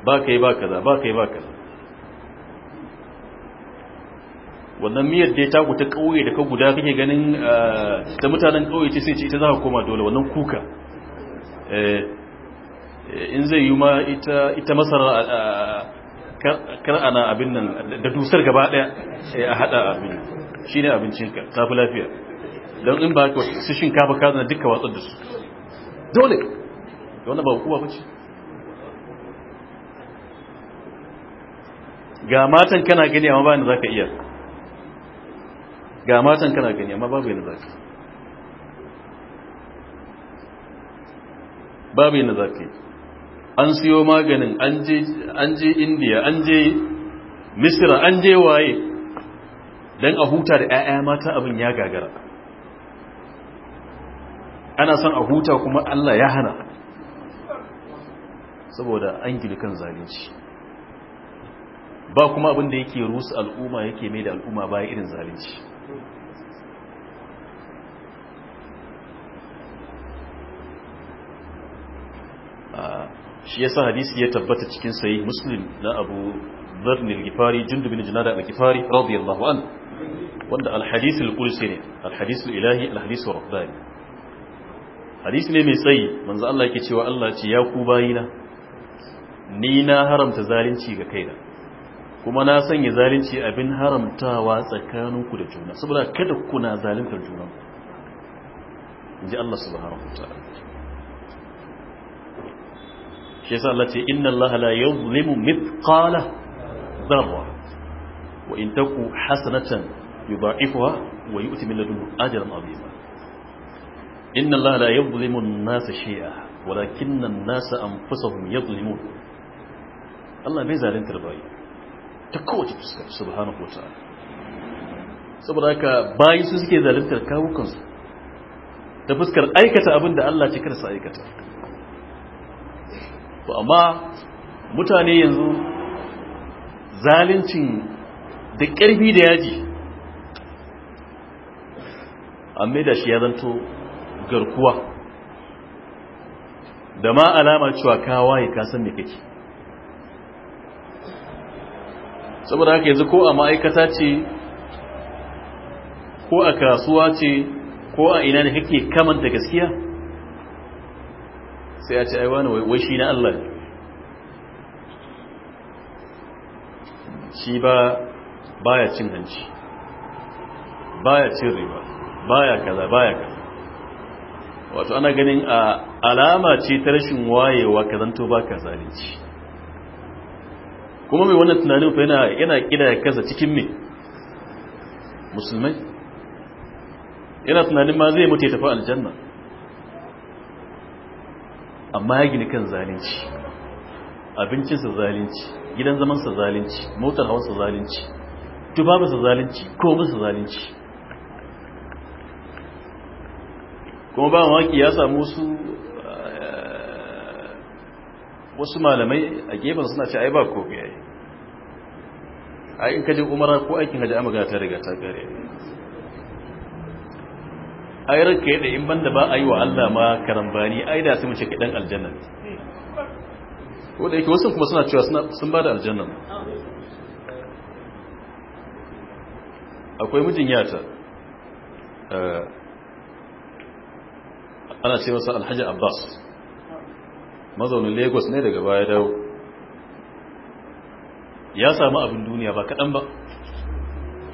ba kai ba kaza ba kai ba kaza wannan miyar da ya taku ta ƙauye da ka guda kake ganin eh, ta mutanen ƙauye ce sai ce ita za ka koma dole wannan kuka Eh, in zai yi ma ita masara kar ana abin nan da dusar gaba daya a hada abin shi ne abincinka ta fi lafiya don in ba ka su shinkafa ka zana duka watsar da su dole da wani ba kuwa bace ga matan kana gani amma ba ni za ka iya ga matan kana gani amma babu yana za ka babu yana za ka an siyo maganin an je indiya an je misira an je waye don a huta da 'ya'ya mata abin ya gagara ana son a huta kuma allah ya hana saboda an gili kan zalunci ba kuma abin da yake rusa al'umma yake mai da al'umma baya irin zalunci shi yasa hadisi ya tabbata cikin sayi muslim na abu dharn gifari jundub bin junada al-gifari radiyallahu an. wanda al-hadith al ne al-hadith al-ilahi al rabbani hadisi ne mai tsayi manzo Allah yake cewa Allah ce ya ku bayina ni na haramta zalunci ga kaina kuma na sanya zalunci abin haramtawa tsakaninku da juna saboda kada kuna zaluntar juna inji Allah subhanahu wa ta'ala shi yasa Allah ce inna Allah la yuzlimu mithqala dharra wa in taku hasanatan yudha'ifuha wa yu'ti min ladunhu ajran 'azima inna Allah la yuzlimu an-nasa shay'a walakinna an-nasa anfusahum yuzlimun Allah bai zalunta bayi ta kowace fuska subhanahu wa ta'ala saboda haka bayi su suke zaluntar kawukansu ta fuskar aikata abin da Allah ce kar su aikata to amma mutane yanzu zalincin da ƙarfi da yaji amma da shi ya zanto garkuwa da ma alama cewa ya kasan da kake saboda haka yanzu ko a ma'aikata ce ko a kasuwa ce ko a ina da kake kamanta gaskiya sai ya ce ai wani wai shi na Allah shi ba baya cin hanci baya cin riba baya kaza baya kaza wato ana ganin a alama ce ta rashin wayewa kazanto ba ka zalunci kuma mai wannan tunanin fa yana yana kida ya kasa cikin me musulmai yana tunanin ma zai mutu ya tafi aljanna amma ya gini kan zalunci abincinsa zalunci gidan zamansa zalunci motar hausa zalunci tubabinsa zalunci komansa zalunci kuma ba mawaki ya samu su eh, wasu malamai a gefen suna ce ai ba ko yi. a in kajin umara ko aikin hajji amma ga ta riga ta gare ai ranka yadda in banda ba a yi wa Allah ma karambani ai da su mace kaɗan aljannan ko da yake wasu kuma suna cewa sun ba da aljannan akwai mijin yata eh, ana ce masa alhaji abbas mazaunin lagos ne daga baya dawo ya samu abin duniya ba kaɗan ba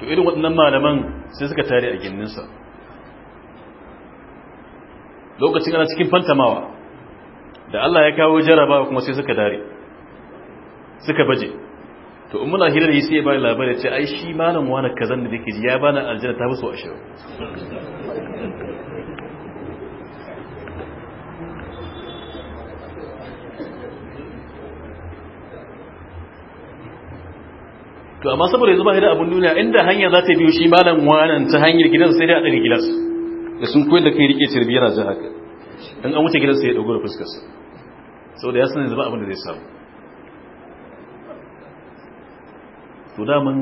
to irin waɗannan malaman sai suka tare a ginninsa lokacin ana cikin fantamawa da Allah ya kawo jaraba kuma sai suka dare suka baje to in muna hira da sai bai bani ya ce ai shi malam wani kazan da yake ji ya bani aljanna ta musu ashirin to amma saboda yanzu ba da abun duniya inda hanya za ta biyo shi malam wanan ta hanyar gidansa sai dai a ɗari gidansa da sun koyar da kai rike cirbi yana zai haka dan an wuce gidansa ya dogo da fuskar sa saboda ya sanar zaba abin da zai samu to da mun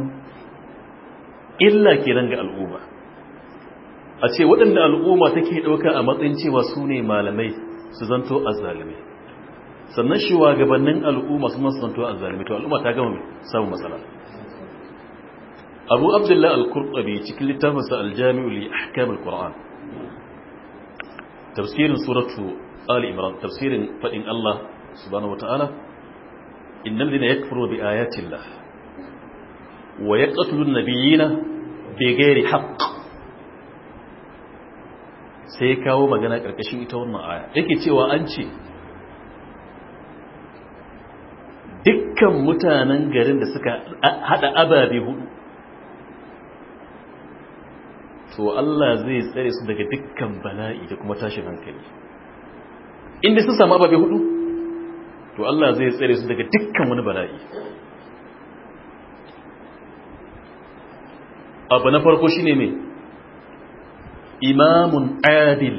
illa ke nan ga al'umma a ce waɗanda al'umma take ɗauka a matsayin cewa su ne malamai su zanto a sannan shugabannin al'umma su masu zanto a to al'umma ta gama samun matsala abu abdullahi al-kurɗabi cikin littafinsa li ahkam al-qur'an tafsirin suratu ali imran tafsirin fadin Allah subhanahu wata'ala innal ladina yakfuru bi ayati llah wa yaqtulun nabiyina bighairi haqq sai kawo magana karkashin ita wannan aya yake cewa an ce dukkan mutanen garin da suka hada ababe hudu to Allah zai tsare su daga dukkan bala'i da kuma tashin hankali inda sun samu ababe hudu to Allah zai tsare su daga dukkan wani bala'i abu na farko shine me imamun adil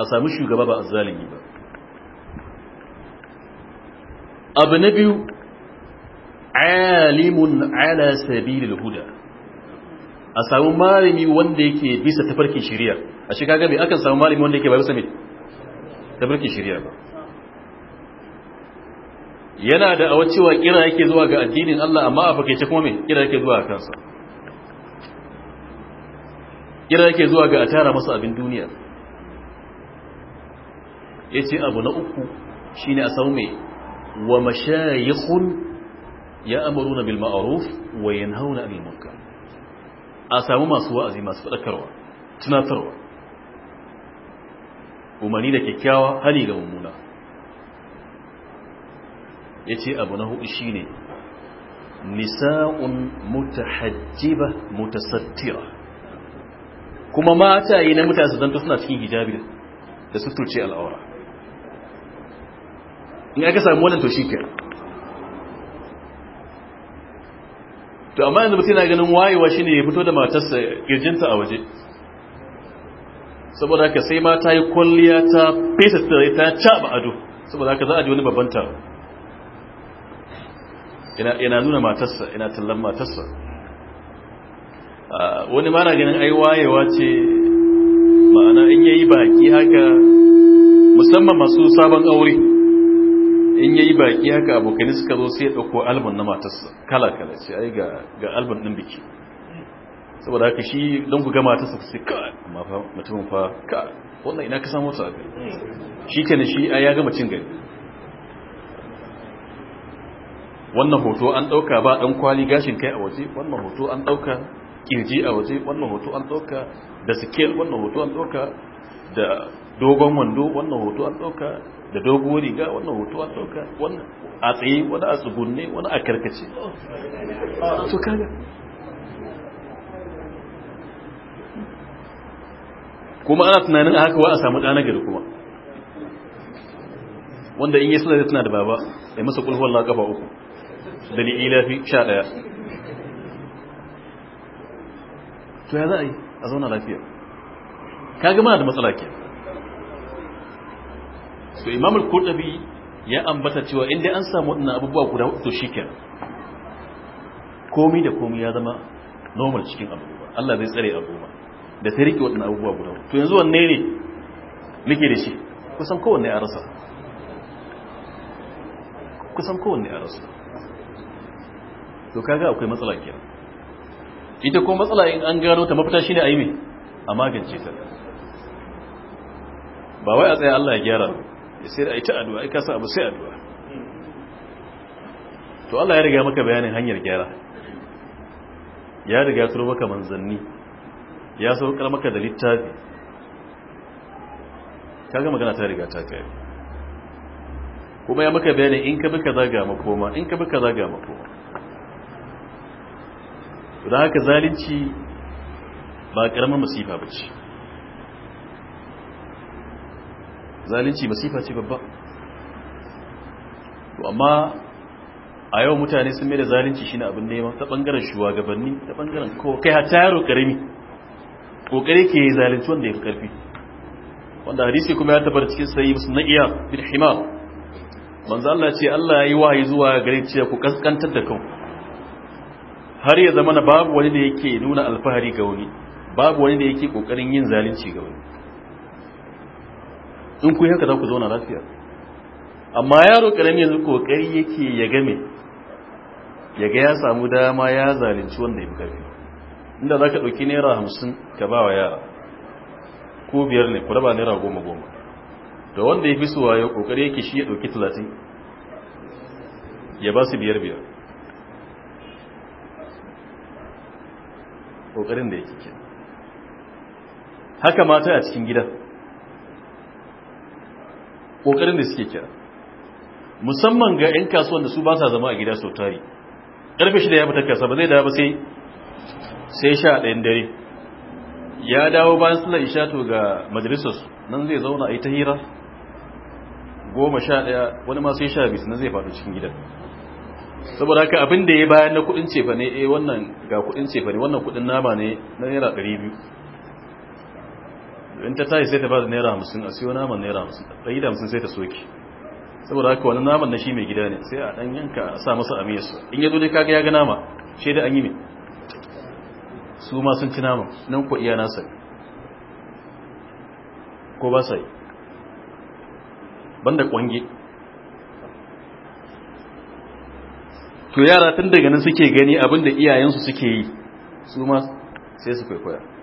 a sami shugaba ba a zalimi ba abu na biyu alimun ala sabilil huda a samu malami wanda yake bisa tafarkin shiriya a shi kaga me akan samu malami wanda yake ba bisa me tafarkin shiriya ba yana da awa cewa kira yake zuwa ga addinin Allah amma a fakaice kuma me kira yake zuwa kansa kira yake zuwa ga a tara masa abin duniya yace abu na uku shi ne a samu me wa mashayikhun ya'muruna bil ma'ruf wa yanhauna 'anil munkar a samu masu wa'azi masu faɗakarwa tunatarwa umarni da kyakkyawa hali ga mummuna ya ce abu na hudu shi ne nisa'un mutahajjiba sattira kuma mata yi na mutane zanto suna cikin hijabi da suturce al'aura in aka samu wannan shi to amma yanzu mutum yana ganin wayewa shine ya fito da matarsa girjinta a waje saboda haka sai ma ta yi kwalliya ta fesa ta caba ado saboda haka za a ji wani babban taro yana nuna matarsa yana tallan matarsa ah, wani mana ganin ai wayewa ce ma'ana in yayi baki haka musamman masu sabon aure in yayi baki haka abokan suka zo sai ya dauko album na matarsa kala kala sai ai ga ga album din biki saboda haka shi don ku ga matarsa sai ka amma fa mutumin fa ka wannan ina ka samu ta shi kenan shi ai ya gama cin gari wannan hoto an dauka ba dan kwali gashin kai a waje wannan hoto an dauka kirji a waje wannan hoto an dauka da scale wannan hoto an dauka da dogon wando wannan hoto an dauka da doguwar riga wannan hoto a sauka wannan a tsaye wani a tsugunne wani a karkace kuma ana tunanin a haka wa a samu ɗana gari kuma wanda in yi da tana da baba ya masa kulhuwar laƙafa uku dalili fi sha ɗaya to ya za a yi a zauna lafiya kaga mana da matsala kenan to imam al-qurtubi ya ambata cewa inda an samu wannan abubuwa guda to shikenan komai da komai ya zama normal cikin abubuwa Allah zai tsare abubuwa da ta rike waɗannan abubuwa guda to yanzu wanne ne nake da shi kusan kowanne a rasa kusan kowanne a rasa to kaga akwai matsala kenan ita ko matsala in an gano ta mafita shine a yi mai a magance ta ba wai a tsaya Allah ya gyara ba sai da a yi ta addu'a ai kasa abu sai addu'a to Allah ya riga maka bayanin hanyar gyara ya riga turo maka manzanni ya saukar maka da littafi kaga magana ta riga ta kai kuma ya maka bayanin in ka bi ka zaga makoma in ka bi ka zaga makoma don haka zalunci ba karamin masifa ba ce zalunci masifa ce babba to amma a yau mutane sun mai da zalunci shi ne abin nema ta shuwa shugabanni ta ɓangaren ko kai hatta yaro ƙarami ƙoƙari ke zalunci wanda ya fi ƙarfi, wanda hadisi kuma ya tabbata cikin musu na iya bin hima, manzo Allah ce Allah ya yi wahayi zuwa gare ce ku kaskantar da kanku har ya zama na babu wani da yake nuna alfahari ga wani babu wani da yake kokarin yin zalunci ga wani in ku haka za ku zauna lafiya amma yaro karami yanzu kokari yake ya game ya ga ya samu dama ya zalunci wanda ya bukafi inda za ka ɗauki naira hamsin ka ba wa yara ko biyar ne ku raba naira goma goma da wanda ya fi suwa ya kokari yake shi ya ɗauki talatin ya ba su biyar biyar kokarin da yake haka mata a cikin gidan kokarin da suke kira musamman ga 'yan kasuwan da su ba sa zama a gida sau tari karfe shida ya fita kasa ba zai dawo ba sai sai sha ɗayan dare ya dawo bayan na isha to ga majalisarsu nan zai zauna a yi ta hira goma sha ɗaya wani ma sai sha bisu nan zai faɗo cikin gidan saboda haka abin da ya bayan na kuɗin cefa ne eh wannan ga kuɗin cefa ne wannan kuɗin nama ne na naira ɗari biyu in ta tayi sai ta bada naira hamsin a siyo naman naira hamsin ɗari da hamsin sai ta soke saboda haka wani naman na shi mai gida ne sai a dan yanka a sa masa su in ya zo dai kaga ya ga nama shi da an yi mai su ma sun ci naman nan ko iya nasa ko ba sa yi banda kwange to yara tun daga nan suke gani abinda iyayensu suke yi su ma sai su kwaikwaya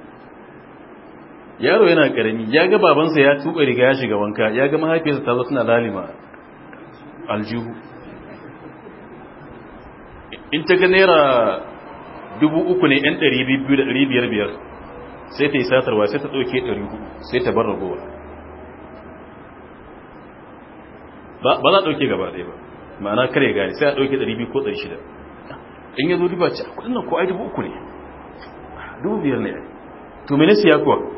yaro yana karami ya ga babansa ya tuba riga ya shiga wanka ya ga mahaifiyarsa ta zo tana lalima aljihu in ta ga naira dubu uku ne yan ɗari biyu da ɗari biyar biyar sai ta yi satarwa sai ta ɗauke ɗari hudu sai ta bar ragowa ba za a ɗauke gaba ɗaya ba ma'ana kare gani sai a ɗauke ɗari biyu ko ɗari shida in ya zo duba ce kudin nan ko ai dubu uku ne dubu biyar ne to mene siya kuwa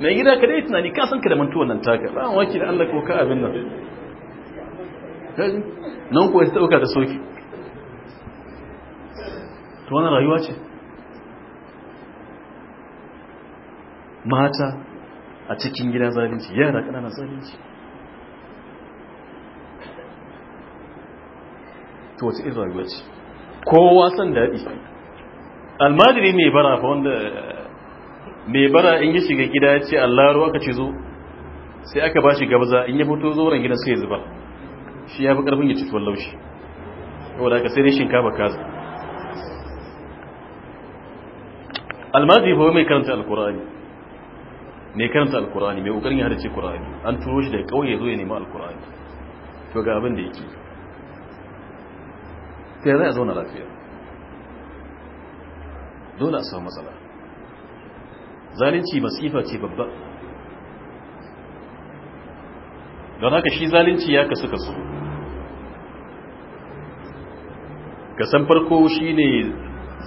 mai gida ka dai tunani ka san ka da mantuwa nan taka ba waki da Allah ko ka abin nan nan ko sai dauka da soki to wannan rayuwa ce mata a cikin gidan zalunci yara kanana zalunci to wace irin rayuwa ce kowa san daɗi almajiri mai bara fa wanda mai bara in yi shiga gida ya ce Allah ruwa ka ce zo sai aka ba shi gabza in ya fito zoren gidan sai ya shi ya fi karfin ya ci tuwon laushi wadda aka sai dai shinkafa kaza almazi fa mai karanta alkurani mai karanta alkurani mai kokarin ya hadace kurani an turo shi daga kauye zo ya nema alkurani to ga abin da yake sai zai zauna lafiya dole a samu matsala zalunci masifa ce babba don haka shi zalunci ya kasu kasu kasan farko shi ne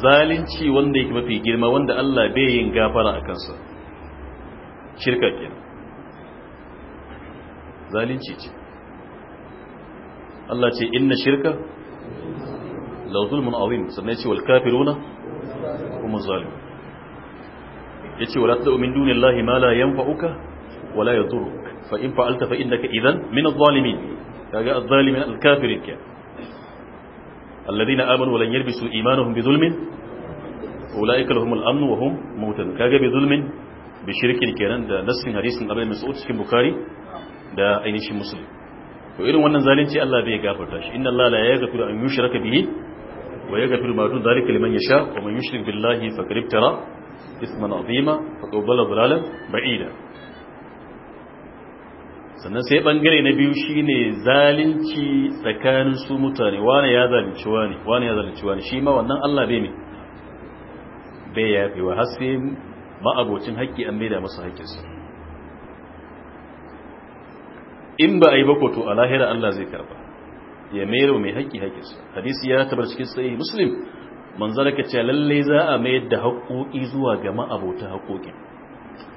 zalunci wanda yake mafi girma wanda Allah bai yin gafara a kansa shirka kenan zalunci ce Allah ce inna shirka la zulmun azim sannan ce wal kafiruna kuma zalimun yace wala tad'u min lahi ma la uka wala ya yadurruk fa in fa'alta fa innaka idhan min adh-dhalimin kaga adh-dhalimin al-kafirin ke alladhina amanu wa lan yalbisu imanuhum bi dhulmin ulaika lahum al-amn wa hum muhtadun kaga bi dhulmin bi shirkin kenan da nassin hadisin Abu Mas'ud cikin Bukhari da ainihin Muslim to irin wannan zalunci Allah bai gafarta shi inna Allah la yaghfiru an yushraka bihi wa yaghfiru ma dun dhalika liman yasha wa man yushrik billahi faqad iftara isman azima fa qabala bulalan ba'ida sannan sai bangare na biyu shine zalunci tsakanin su mutane wani ya zalunci wani wani ya zalunci wani shi ma wannan Allah bai ne bai yafe wa haske ma'abocin haƙƙi an maida masa haƙƙinsa in ba a yi to a lahira Allah zai karba ya mero mai haƙƙi haƙƙinsa hadisi ya tabar cikin sai muslim manzara da ce lalle za a mayar da haƙoƙi zuwa ga ma'abota haƙoƙin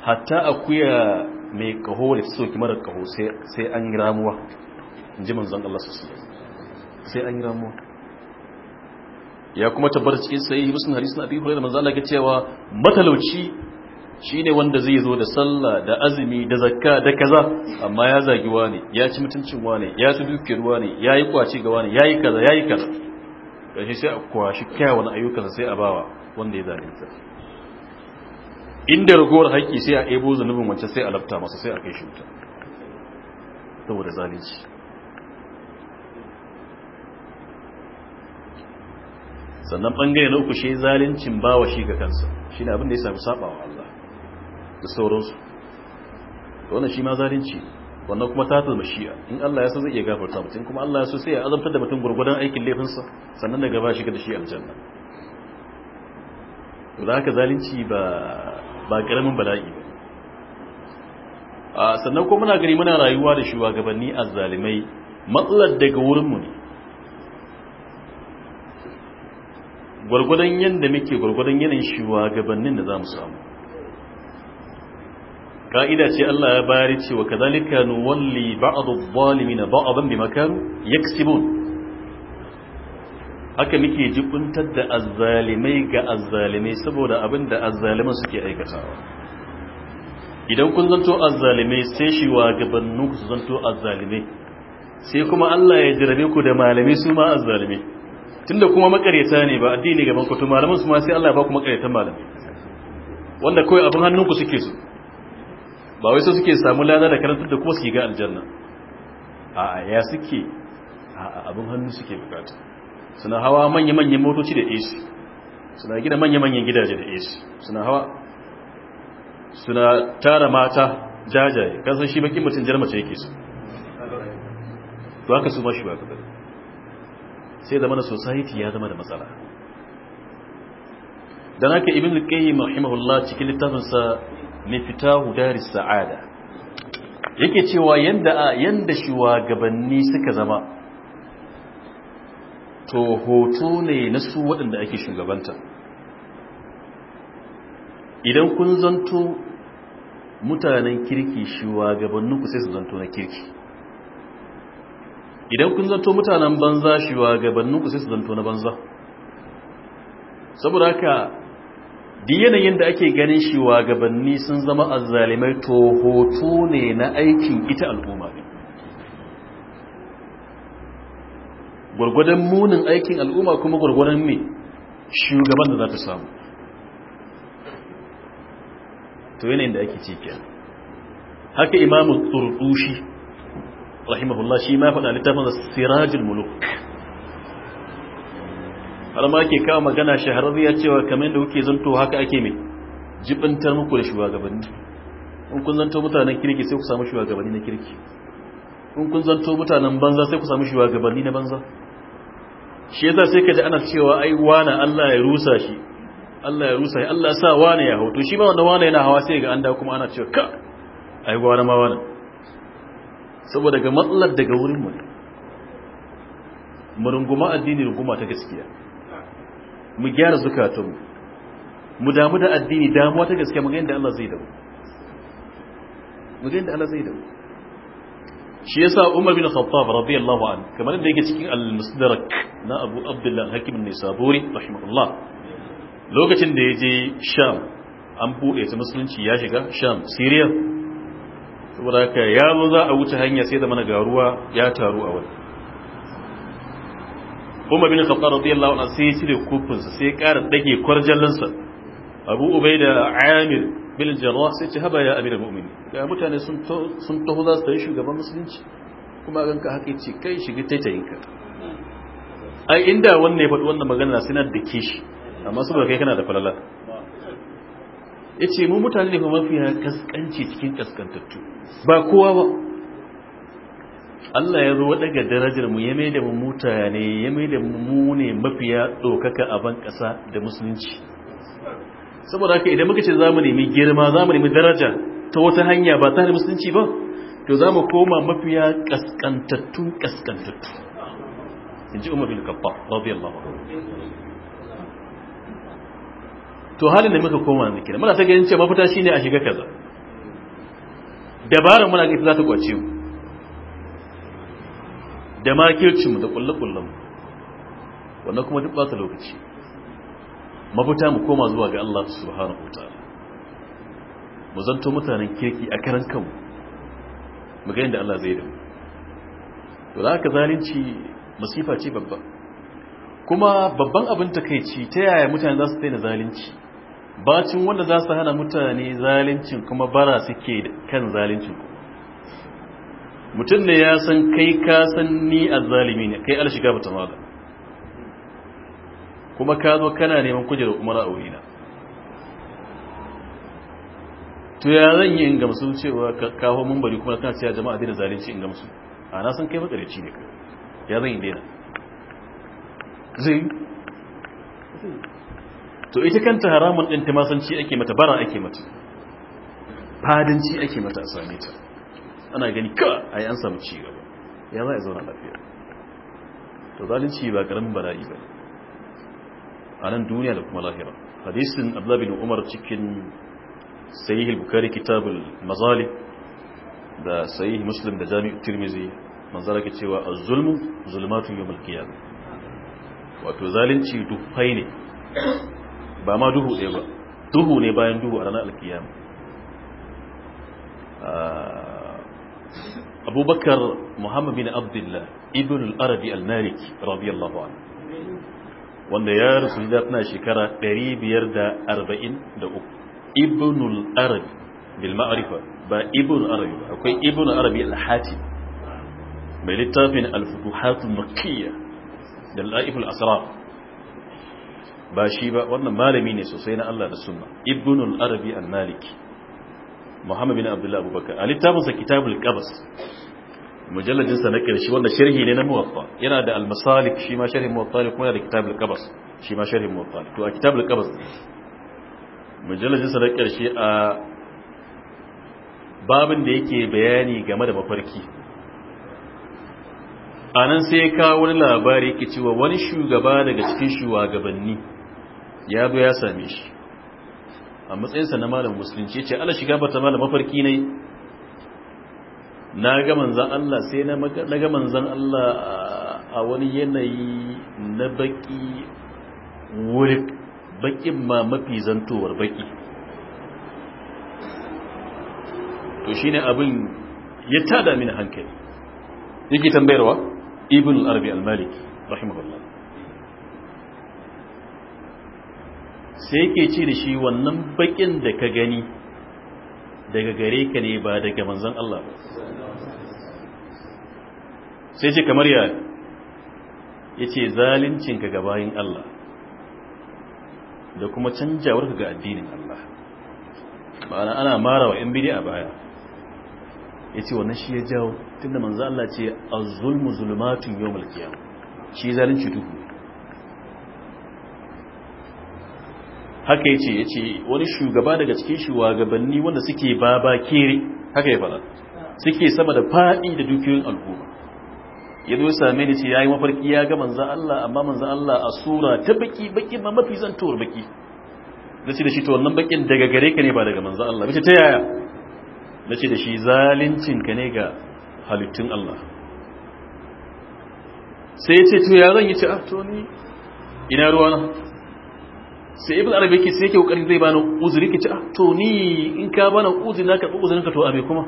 hatta akuya mai kaho da su soki mara kaho sai an yi ramuwa in ji manzan Allah su sai an yi ramuwa ya kuma tabbata cikin sai musu harisun abin hulai da manzan Allah ka cewa matalauci shi ne wanda zai zo da sallah da azumi da zakka da kaza amma ya zagi wane ya ci mutuncin wane ya ci dukiyar wane ya yi kwace ga wane ya yi kaza ya yi kaza ƙarshe sai a kwashi kyawun ayyukansa sai a bawa wanda ya zalunta inda ragowar haƙƙi sai a ebo zunubin wancan sai a lafta masa sai a kai shi wuta saboda zalunci sannan ɓangare na uku shi zalincin bawa shi ga kansa shi ne abin da ya sami wa Allah da sauransu wannan shi ma zalunci wannan kuma ta tazma mashiya, in Allah ya so zai iya gafarta mutum kuma Allah ya so sai ya azabtar da mutum gurgudan aikin laifinsa sannan daga ba shiga da shi aljanna to da haka zalunci ba ba karamin bala'i ba a sannan kuma muna gari muna rayuwa da shugabanni azzalimai matsalar daga wurin mu ne gurgudan yanda muke gurgudan yanayin shugabannin da zamu samu ka'ida ce Allah ya bari cewa kazalika nuwalli ba'd adh-dhalimin ba'dan bima kanu yaksibun haka muke jibuntar da azzalimai ga azzalimai saboda abinda da azzaliman suke aikatawa idan kun zanto azzalimai sai shi wa gabannu ku zanto azzalimai sai kuma Allah ya jirabe ku da malamai su ma azzalimai tunda kuma makareta ne ba addini gaban ku to malaman su ma sai Allah ya ba ku makaretan malamai wanda kawai abin hannunku suke su ba wai so suke samu lada da karantar da kuma yi ga aljanna a ya suke a abin hannu suke bukata suna hawa manya-manyan motoci da ac suna gina manya-manyan gidaje da ac suna hawa suna tara mata jajaye kasan shi bakin mutum jar mace yake su to haka su ma shi ba kadari sai zama na society ya zama da matsala dan haka ibn qayyim rahimahullah cikin littafinsa miftahu daris sa'ada yake cewa yanda yanda shugabanni suka zama to hoto ne na su waɗanda ake shugabanta idan kun zanto mutanen kirki ku sai su zanto na kirki idan kun zanto mutanen banza ku sai su zanto na banza saboda haka duk yanayin da ake ganin shi gabanni sun zama azzalimai to hoto ne na aikin ita al'umma ne gwargwadon munin aikin al'umma kuma gwargwadon ne shugaban da za ta samu to yanayin da ake cikin haka imamu turdushi rahimahullah shi ma faɗa littafin sirajin muluk har ma ke kawo magana shahararriya cewa kamar da kuke zanto haka ake mai jibintar muku da shugabanni in kun zanto mutanen kirki sai ku samu shugabanni na kirki in kun zanto mutanen banza sai ku samu shugabanni na banza shi yasa sai ka ji ana cewa ai wana Allah ya rusa shi Allah ya rusa shi Allah ya sa wana ya hoto shi ma wanda wana yana hawa sai ga an da kuma ana cewa ka ai wana ma wana saboda ga matsalar daga wurin mu mu runguma addini runguma ta gaskiya mu gyara zukatun mu damu da addini damuwa ta gaske magayin da Allah zai damu magayin da Allah zai damu shi yasa Umar bin Khattab radiyallahu anhu kamar da yake cikin al-Musdarak na Abu Abdullah Hakim an-Nisaburi rahimahullah lokacin da yaje Sham an bude ta musulunci ya shiga Sham Syria saboda haka ya zo za a wuce hanya sai da mana garuwa ya taru a wani umar bin khattab radiyallahu anhu sai ya cire kufinsa sai ya ƙara dage kwarjallinsa abu ubaida amir bilin jarrah sai ce haba ya amiral mu'mini ga mutane sun sun taho za su yi shugaban musulunci kuma ganka haka ce kai shiga taitayinka ai inda wannan ya faɗi wannan magana sai na da shi amma saboda kai kana da falala yace mu mutane ne kuma mafi kaskanci cikin kaskantattu ba kowa ba Allah ya zo daga darajar mu ya mai da mu mutane ya mai da mu ne mafiya ɗaukaka a ban ƙasa da musulunci saboda haka idan muka ce za mu nemi girma za mu nemi daraja ta wata hanya ba ta da musulunci ba to za mu koma mafiya ƙasƙantattu ƙasƙantattu in ji umar bilkabba radiyallahu to halin da muka koma da, muna ta ganin cewa mafita shine a shiga kaza dabarar muna ga ita za ta kwace mu da makircinmu da kullakullanmu wanda kuma duk bata lokaci mafita mu koma zuwa ga Allah subhanahu wataala mu zanto mutanen kirki a karan kanmu mu ga yadda Allah zai da mu to za ka zalunci masifa ce babba kuma babban abin ci ta yaya mutane za su daina zalunci bacin wanda za su hana mutane zaluncin kuma bara suke kan zaluncin ku mutum ne ya san kai ka san ni a zalimi ne kai alshiga ta mala kuma ka zo kana neman kujerar umara a wurina to ya zan yi in gamsu cewa kawo mun bari kuma kana cewa jama'a daina zalunci in gamsu a na san kai matsalaci ne kai ya zan yi daina zai to ita kanta haramun ɗin ta masanci ake mata bara ake mata fadanci ake mata a same ta ana gani ka a yi an samu ci gaba ya za a zauna lafiya to zalunci ba karamin bala'i ba a nan duniya da kuma lahira hadisun ablabin umar cikin sayi bukari kitabul mazali da sayi muslim da jami'u tirmizi manzara ke cewa a zulmu zulmatun yawm al wato zalunci duhai ne ba ma duhu ɗaya ba duhu ne bayan duhu a ranar al abubakar muhammad bin abdullah ibn al-arabi al-malik radiyallahu anhu wanda ya rasu da tana shekara 543 ibn al-arabi bil ma'rifa ba ibn arabi akwai ibn arabi al hati mai littafin al-futuhat al-makkiyya da al-aif al-asrar ba shi ba wannan malami ne sosai na Allah da sunna ibn al-arabi al-maliki muhammad bin abdullahi abubakar a littafinsa kitabul qabas mujalladin sa na karshe wanda sharhi ne na muwatta yana da al-masalik shi ma sharhin muwatta kuma yana da kitabul qabas shi ma sharhin muwatta to a kitabul qabas mujalladin sa na karshe a babin da yake bayani game da mafarki a nan sai ya kawo wani labari yake cewa wani shugaba daga cikin shugabanni ya zo ya same shi a matsayinsa na malamin musulunci ce ala shiga bata malama mafarki ne na ga manzan Allah sai na ga manzan Allah a wani yanayi na baki wuri bakin ma mafi zantowar baki to shi ne abin ya tada mini hankali yake tambayarwa ibn al-arabi al-maliki rahimahullah sai yake ce da shi wannan bakin da ka gani daga gare ka ne ba daga manzan Allah sai ce kamar ya ya ce zalincinka ga bayan Allah da kuma canjawarka ga addinin Allah Ba ana mara wa 'yan bidi a baya ya ce wannan shi ya jawo tunda manzan Allah ce a zulmu zulmatin yau mulkiya shi zalunci duhu haka yace yace wani shugaba daga cikin shugabanni wanda suke baba kere haka ya fara suke sama da fadi da dukiyoyin al'umma ya zo same ni ce yayi mafarki ya ga manzo Allah amma manzo Allah a sura ta baki baki ma mafi zantowar baki nace da shi to wannan bakin daga gare ka ne ba daga manzo Allah bace ta yaya nace da shi zalincin ka ne ga halittun Allah sai ya ce to ya zan yi ce ah to ni ina ruwana sai ibn arabi yake sai yake kokari zai bani uzuri kace ah to ni in ka bani uzuri na karɓi uzurin ka to abe kuma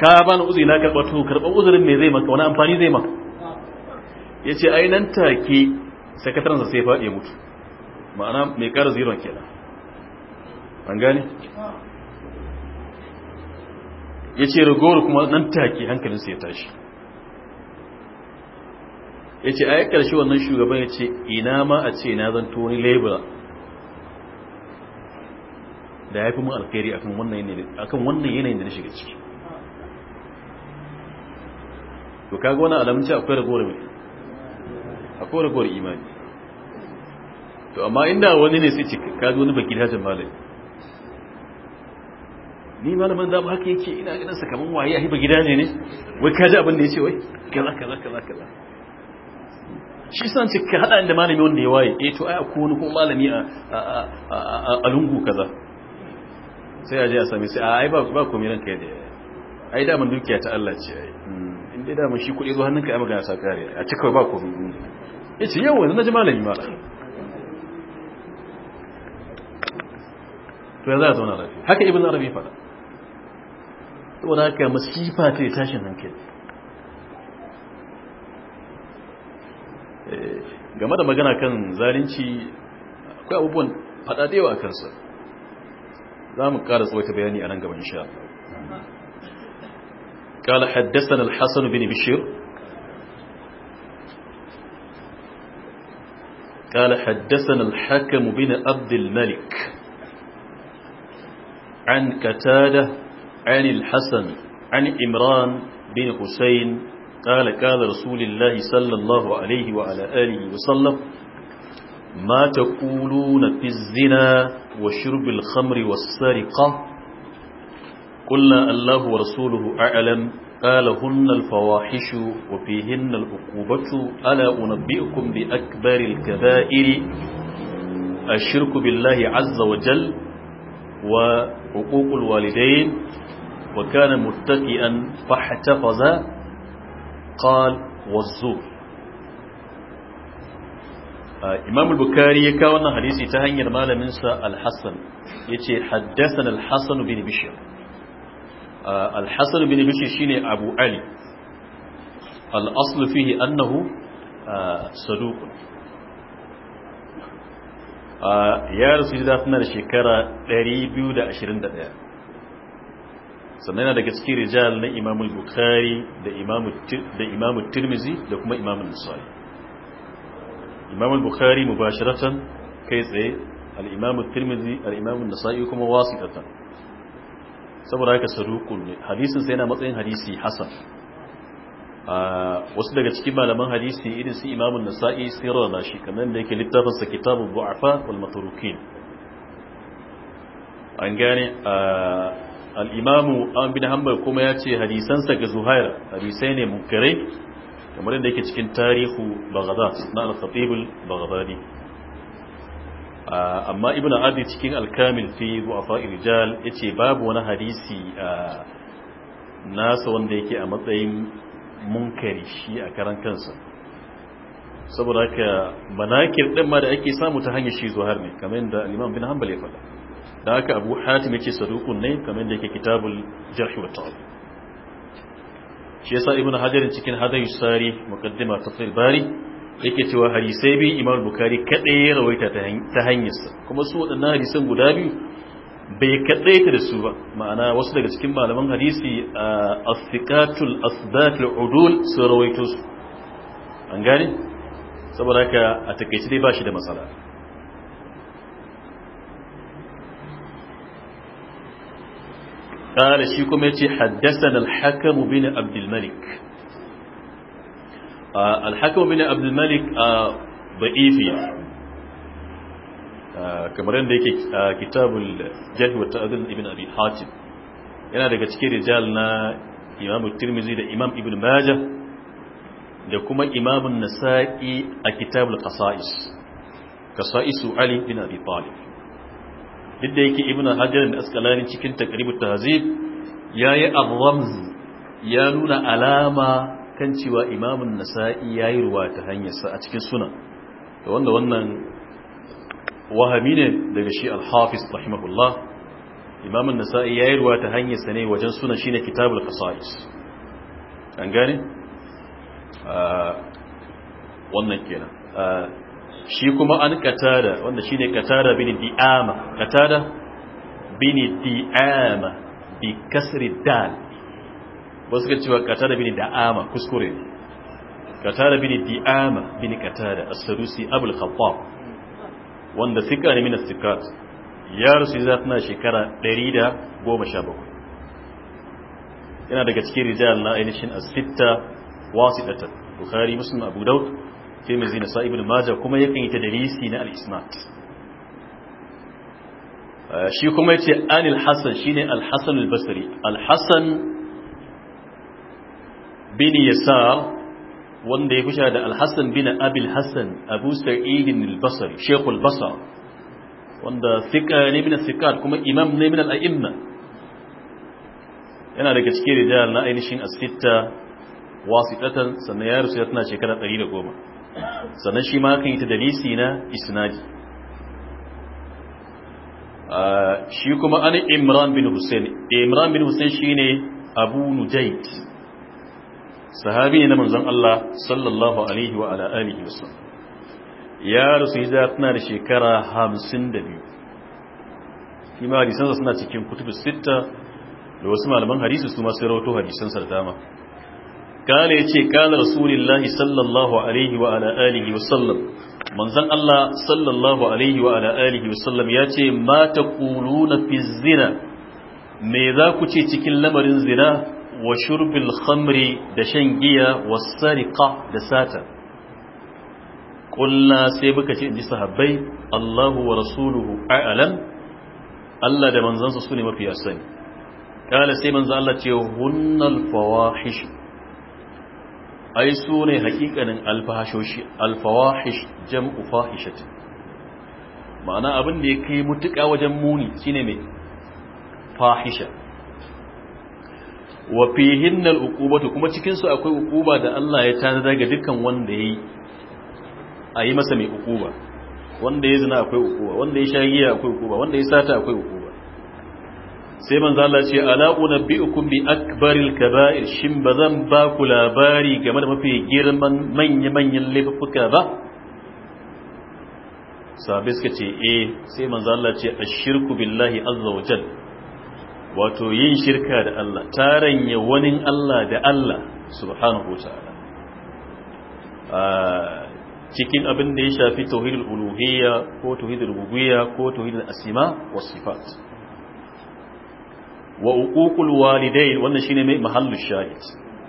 ka bani uzuri na karɓa to karɓa uzurin me zai maka wani amfani zai maka yace ai nan take sakataren sa sai faɗi mutu ma'ana mai ƙara ziron kenan an gane yace rigoro kuma nan take hankalin sa ya tashi ya ce a yi ƙarshe wannan shugaban ya ce ina ma a ce na zanto wani labura da ya fi mun alkhairi akan wannan yanayin da na shiga ciki to kaga wani alamci akwai ragowar mai akwai ragowar imani to amma inda wani ne sai ce kaga wani baki dajin malami ni malamin da haka yake ina ganin sakamakon waye a hiba gidaje ne wai kaji abin da ya ce wai kaza kaza kaza kaza shi san ce ka haɗa inda malami wanda ya waye eh to ai ko wani ko malami a lungu kaza sai aje a sami sai ai ba ba komai kai da ai da mun dukiya ta Allah ce ai hmm. in dai da mun shi kuɗi zo hannunka ai magana sa kare a cika ba komai yace yau yanzu naji malami ma to ya za a zauna lafiya haka ibnu arabi fa to da haka masifa ta tashin hankali game da magana kan zalunci akwai abubuwan fada da yawa kansa za mu ƙara tsawaita bayani a nan gaban sha قال حدثنا الحسن بن بشير قال حدثنا الحكم بن عبد an katada an al الحسن an imran بن حسين قال قال رسول الله صلى الله عليه وعلى آله وسلم ما تقولون في الزنا وشرب الخمر والسرقة قلنا الله ورسوله أعلم قال هن الفواحش وفيهن العقوبة ألا أنبئكم بأكبر الكبائر الشرك بالله عز وجل وحقوق الوالدين وكان متكئا فاحتفظ qal wazzur imam al-bukhari ya kawo wannan hadisi ta hanyar malamin sa al-hasan yace haddathana al-hasan bin bishr al-hasan bin bishr shine abu ali al-asl fihi annahu saduq ya rasu da tana da shekara 221 sannan yana daga cikin rijal na imam bukhari da imam tirmizi da kuma imam nasai imam bukhari mubasharatan kai tsaye al tirmizi al-imam kuma kuma wasitatan saboda haka saduqun ne hadisin sai yana matsayin hadisi hasan wasu daga cikin malaman hadisi irin su imamun nasa'i sai rana shi kamar da yake littafin sa kitabun bu'afa wal maturukin an gane al'imamu an bin hanbal kuma ya ce hadisansa ga zuhair hadisai ne munkarai kamar yadda yake cikin tarihu baghdad na al-khatibul baghdadi amma ibn adi cikin al-kamil fi du'afa rijal yace babu wani hadisi nasa wanda yake a matsayin munkari shi a karan kansa saboda haka manakir din ma da ake samu ta hanyar shi zuhair ne kamar yadda al-imam bin hanbal ya faɗa da haka abu hatim yake sadukun ne kamar da yake kitabul jarhi wa ta'ab shi yasa ibnu hajarin cikin hadayu sari muqaddima tafsir bari yake cewa hadisai bi imam bukari kadai ya rawaita ta hanyarsa kuma su waɗannan hadisan guda biyu bai kadaita da su ba ma'ana wasu daga cikin malaman hadisi as-siqatul asbatul udul su rawaito su an gane saboda haka a takeice dai ba shi da matsala قال شيكم يتي حدثنا الحكم بن عبد الملك آه الحكم بن عبد الملك آه ضعيفي آه كتاب والتأذن ابن أبي حاتم yana daga cikin rijal na imamu da imam ibn majah da kuma imamun nasa'i a kitabul qasa'is qasa'isu ali bin duk da yake ibn hajar da askalani cikin taqribut tahzib yayi ar-ramz ya nuna alama kan cewa imamun nasa'i yayi ruwa ta hanyarsa a cikin sunan to wanda wannan wahami ne daga shi al-hafiz rahimahullah imamun nasa'i yayi ruwa ta hanyarsa ne wajen sunan shine kitabul qasais an gane ah, wannan kenan ah, shi kuma an katada wanda shi ne katada bini di'ama katada bini di'ama bi kasri dal ba suka cewa katada bini da'ama kuskure katada bini di'ama bini katada as-sadusi abul khattab wanda sika ne min as-sikat ya rasu za tana shekara 117 yana daga cikin rijal na ainihin sita sitta wasitatan bukhari muslim abu daud tirmizi da sa'ibin maja kuma yakan yi tadrisi na al-isnad shi kuma yace anil hasan shine al-hasan al-basri al-hasan bin yasar wanda ya kusha da al-hasan bin abil hasan abu sa'id al-basri shaykh al-basra wanda thiqa ne min thiqat kuma imam ne min al-a'imma yana daga cikin rijal na ainihin as-sitta wasitatan sannan ya rusu ya tana shekara 110 sannan shi ma kan yi ta dalisi na isnadi shi kuma an imran bin hussein eh, imran bin hussein shi ne abu nujait sahabi ne na manzon Allah sallallahu alaihi wa ya rasu hijira da shekara da biyu. ma hadisansa suna cikin kutubus Sita da wasu malaman hadisi su ma sai rawato hadisansa da dama ya ce, kala rasulullahi sallallahu alaihi wa ala alihi wa sallam manzan Allah sallallahu alaihi wa ala alihi wa sallam ce, ma taquluna fi zina me za ku ce cikin lamarin zina wa shurbil khamri da shan giya wa sariqa da sata kulna sai muka ce inji sahabbai Allahu wa rasuluhu a'lam Allah da manzansa su ne mafiya sani kala sai manzo Allah ce hunnal fawahish ai su ne hakikanin alfahashoshi alfawahish jam'u fahishat ma'ana abin da ya kai mutuka wajen muni shine mai fahisha wa fihinna al'uqubatu kuma cikin su akwai uquba da Allah ya tanada daga dukkan wanda yayi ayi masa mai uquba wanda ya zina akwai uquba wanda ya shagiya akwai uquba wanda ya sata akwai uquba sai manzo Allah ce ala unabbiukum bi akbaril kaba'ir shin bazan ba ku labari game da mafi girman manya manyan laifuka ba sahabi suka ce eh sai manzo Allah ce ashirku billahi azza wa jal wato yin shirka da Allah taranya wani Allah da Allah subhanahu wa ta'ala cikin abin da ya shafi tauhidul uluhiyya ko tauhidul rububiyya ko tauhidul asma was sifat wa walidai wannan shine mai mahallu shahid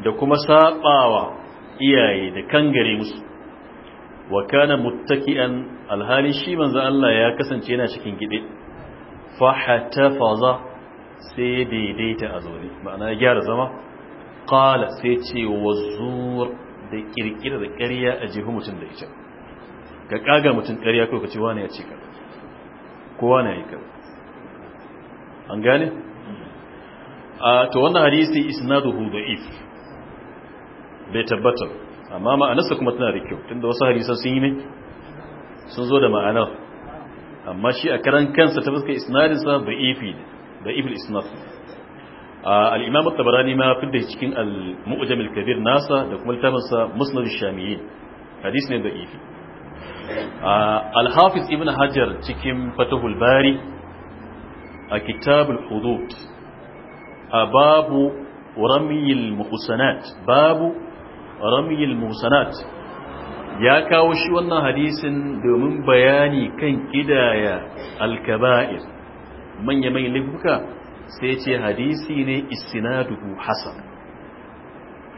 da kuma sabawa iyaye da kangare musu wa kana muttaki'an alhali shi manzo Allah ya kasance yana cikin gide fa hatafaza sai daidaita a zaune ma'ana ya gyara zama qala sai ce wazur da kirkira da ƙarya a jihu mutum da ita Ka kaga mutum ƙarya kai ka ce wani ya ka kowa na yi ka an gane to wannan hadisi isnaduhu da'if bai tabbata amma ma'anarsa kuma tana da kyau tunda wasu hadisan sun yi ne sun zo da ma'ana amma shi a karan kansa ta fuskar sa da'ifi ne da'ifil isnad al-imam at-tabarani ma fi da cikin al-mu'jam al-kabir nasa da kuma litafin sa musnad ash-shamiyyin hadisi ne da'ifi al-hafiz ibn hajar cikin fatahul bari a kitabul hudud a babu ramiyil muhsanat babu ramiyil muhsanat ya kawo shi wannan hadisin domin bayani kan kidaya alkaba'ir manya mai laifuka sai ce hadisi ne isnaduhu hasan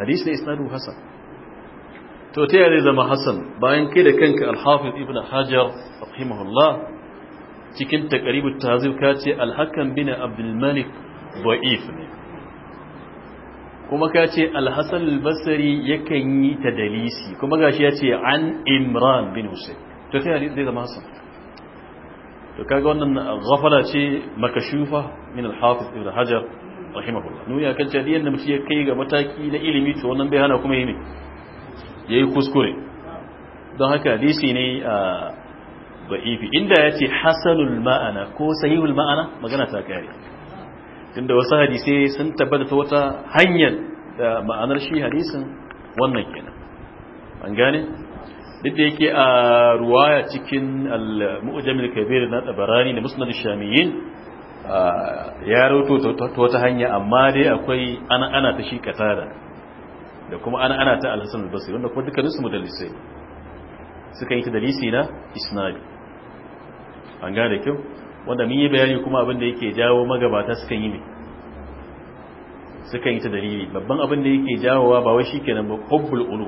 hadisi ne isnaduhu hasan to ta yare zama hasan bayan kai da kanka alhafiz ibn hajar rahimahullah cikin takaribu tazib ka ce alhakan bin abdul malik ba'if ne kuma ka ce alhassan albasari yakan yi ta dalisi kuma gashi ya ce an imran bin hussein to ta hadith zai zama hassan to kaga wannan ghafala ce makashufa min al ibn hajar rahimahullah nu ya kanta jadi yanda mutum ya kai ga mataki na ilimi to wannan bai hana kuma yi ne yayi kuskure don haka hadisi ne a ba'ifi inda yace hasalul ma'ana ko sahihul ma'ana magana ta kare tunda wasu hadisai sun tabbata ta wata hanyar da ma'anar shi hadisin wannan kenan an gane duk da yake a ruwaya cikin al-mu'jamil kabir na tabarani da musnad shamiyin ya rawato ta wata hanya amma dai akwai ana ana ta shi katara da kuma ana ana ta al-hasan al-basri wanda kuma dukkanin su mudallisai suka yi ta dalisi na isnadi an gane kyau wanda mun yi bayani kuma abin da yake jawo magabata sukan yi ne sukan yi ta dalili babban abin da yake jawowa ba wai shikenan ba hubbul ulu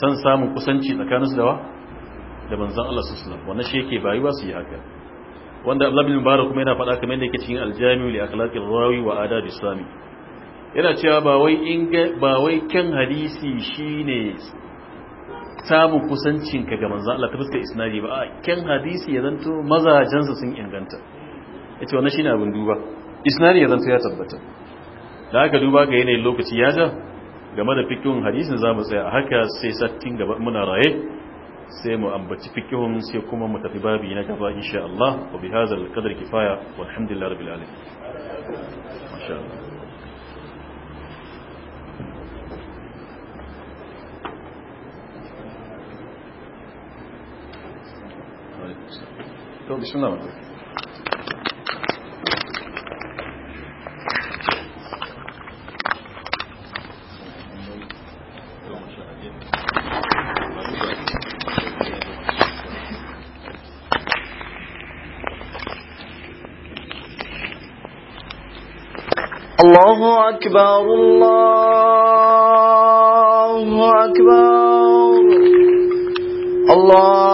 san samun kusanci tsakaninsu da wa da manzon Allah sallallahu alaihi wasallam wannan shi yake bayuwa su yi haka wanda Abdullah bin Mubarak kuma yana faɗa kamar yadda yake cikin Al-Jami' li Akhlaqir Rawi wa Adab Islami yana cewa ba wai in ba wai kan hadisi shine samun kusancin ka ga manzo Allah ta fuskar isnadi ba a kyan hadisi ya zanto mazajensa sun inganta yace wannan shine abin duba isnadi ya zanto ya tabbata da aka duba ga yanayin lokaci ya game da fikihun hadisin zamu tsaya haka sai sattin gaba muna raye sai mu ambaci fikihun sai kuma mu tafi babi na gaba insha Allah wa bihadha al-qadr kifaya walhamdulillahi rabbil alamin masha Allah Yol dışında mı? الله أكبر الله أكبر الله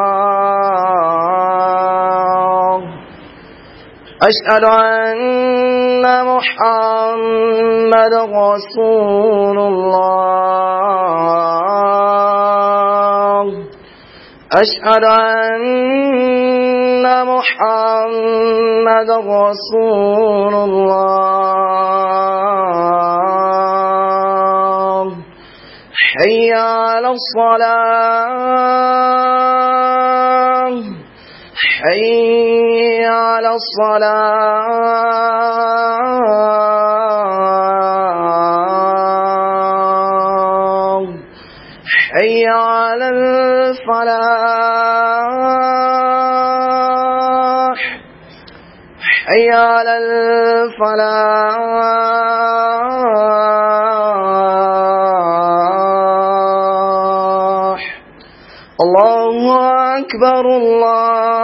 أشهد أن محمد رسول الله أشهد أن محمد رسول الله حي على الصلاة حي على الصلاة حي على الفلاح حي على الفلاح الله أكبر الله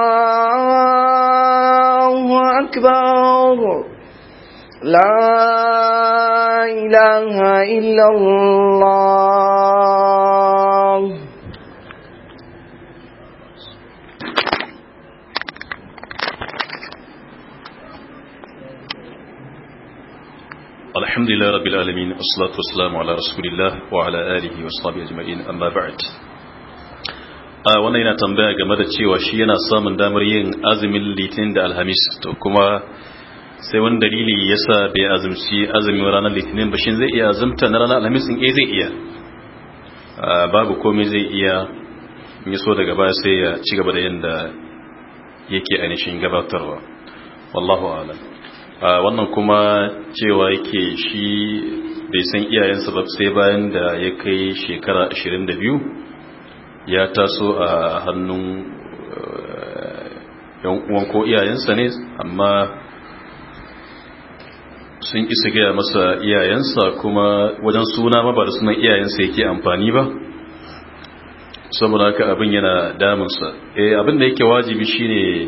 إله إلا الله الحمد لله رب العالمين والصلاة والسلام على رسول الله وعلى آله وصحبه أجمعين أما بعد wannan yana tambaya game da cewa shi yana samun damar yin azumin da alhamis to kuma sai wani dalili ya sa bai azumci azumin ranar litinin ba zai iya azumta na ranar alhamis in eh, zai iya ah, babu komai zai iya ya so daga baya sai ya ci gaba da yadda yake ainihin gabatarwa wallahu alam ah, wannan kuma cewa yake shi bai san iyayensa ba sai bayan da ya kai shekara 22 ya taso a hannun eh, yan uwan ko iyayensa ne amma sun isa gaya masa iyayensa kuma wajen suna ma ba da sunan iyayensa yake amfani ba saboda haka abin yana damunsa eh abin da yake wajibi shine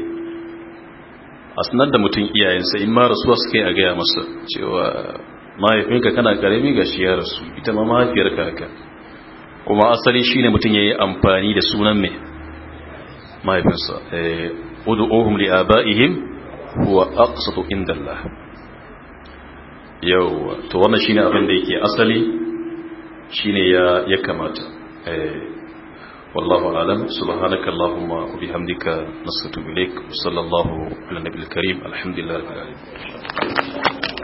a sanar da mutum iyayensa in ma rasuwa suka yi a gaya masa cewa mahaifinka kana karami ga shi ya rasu ita ma mahaifiyarka haka kuma asali shine mutum ya yi amfani da sunan mai mahaifinsa eh udu'uhum li abaihim huwa aqsatu indallah yau to wannan shine abin da yake asali shine ya ya kamata eh, wallahu alam subhanaka allahumma wa bihamdika nastatu bilik sallallahu ala nabiyil karim alhamdulillah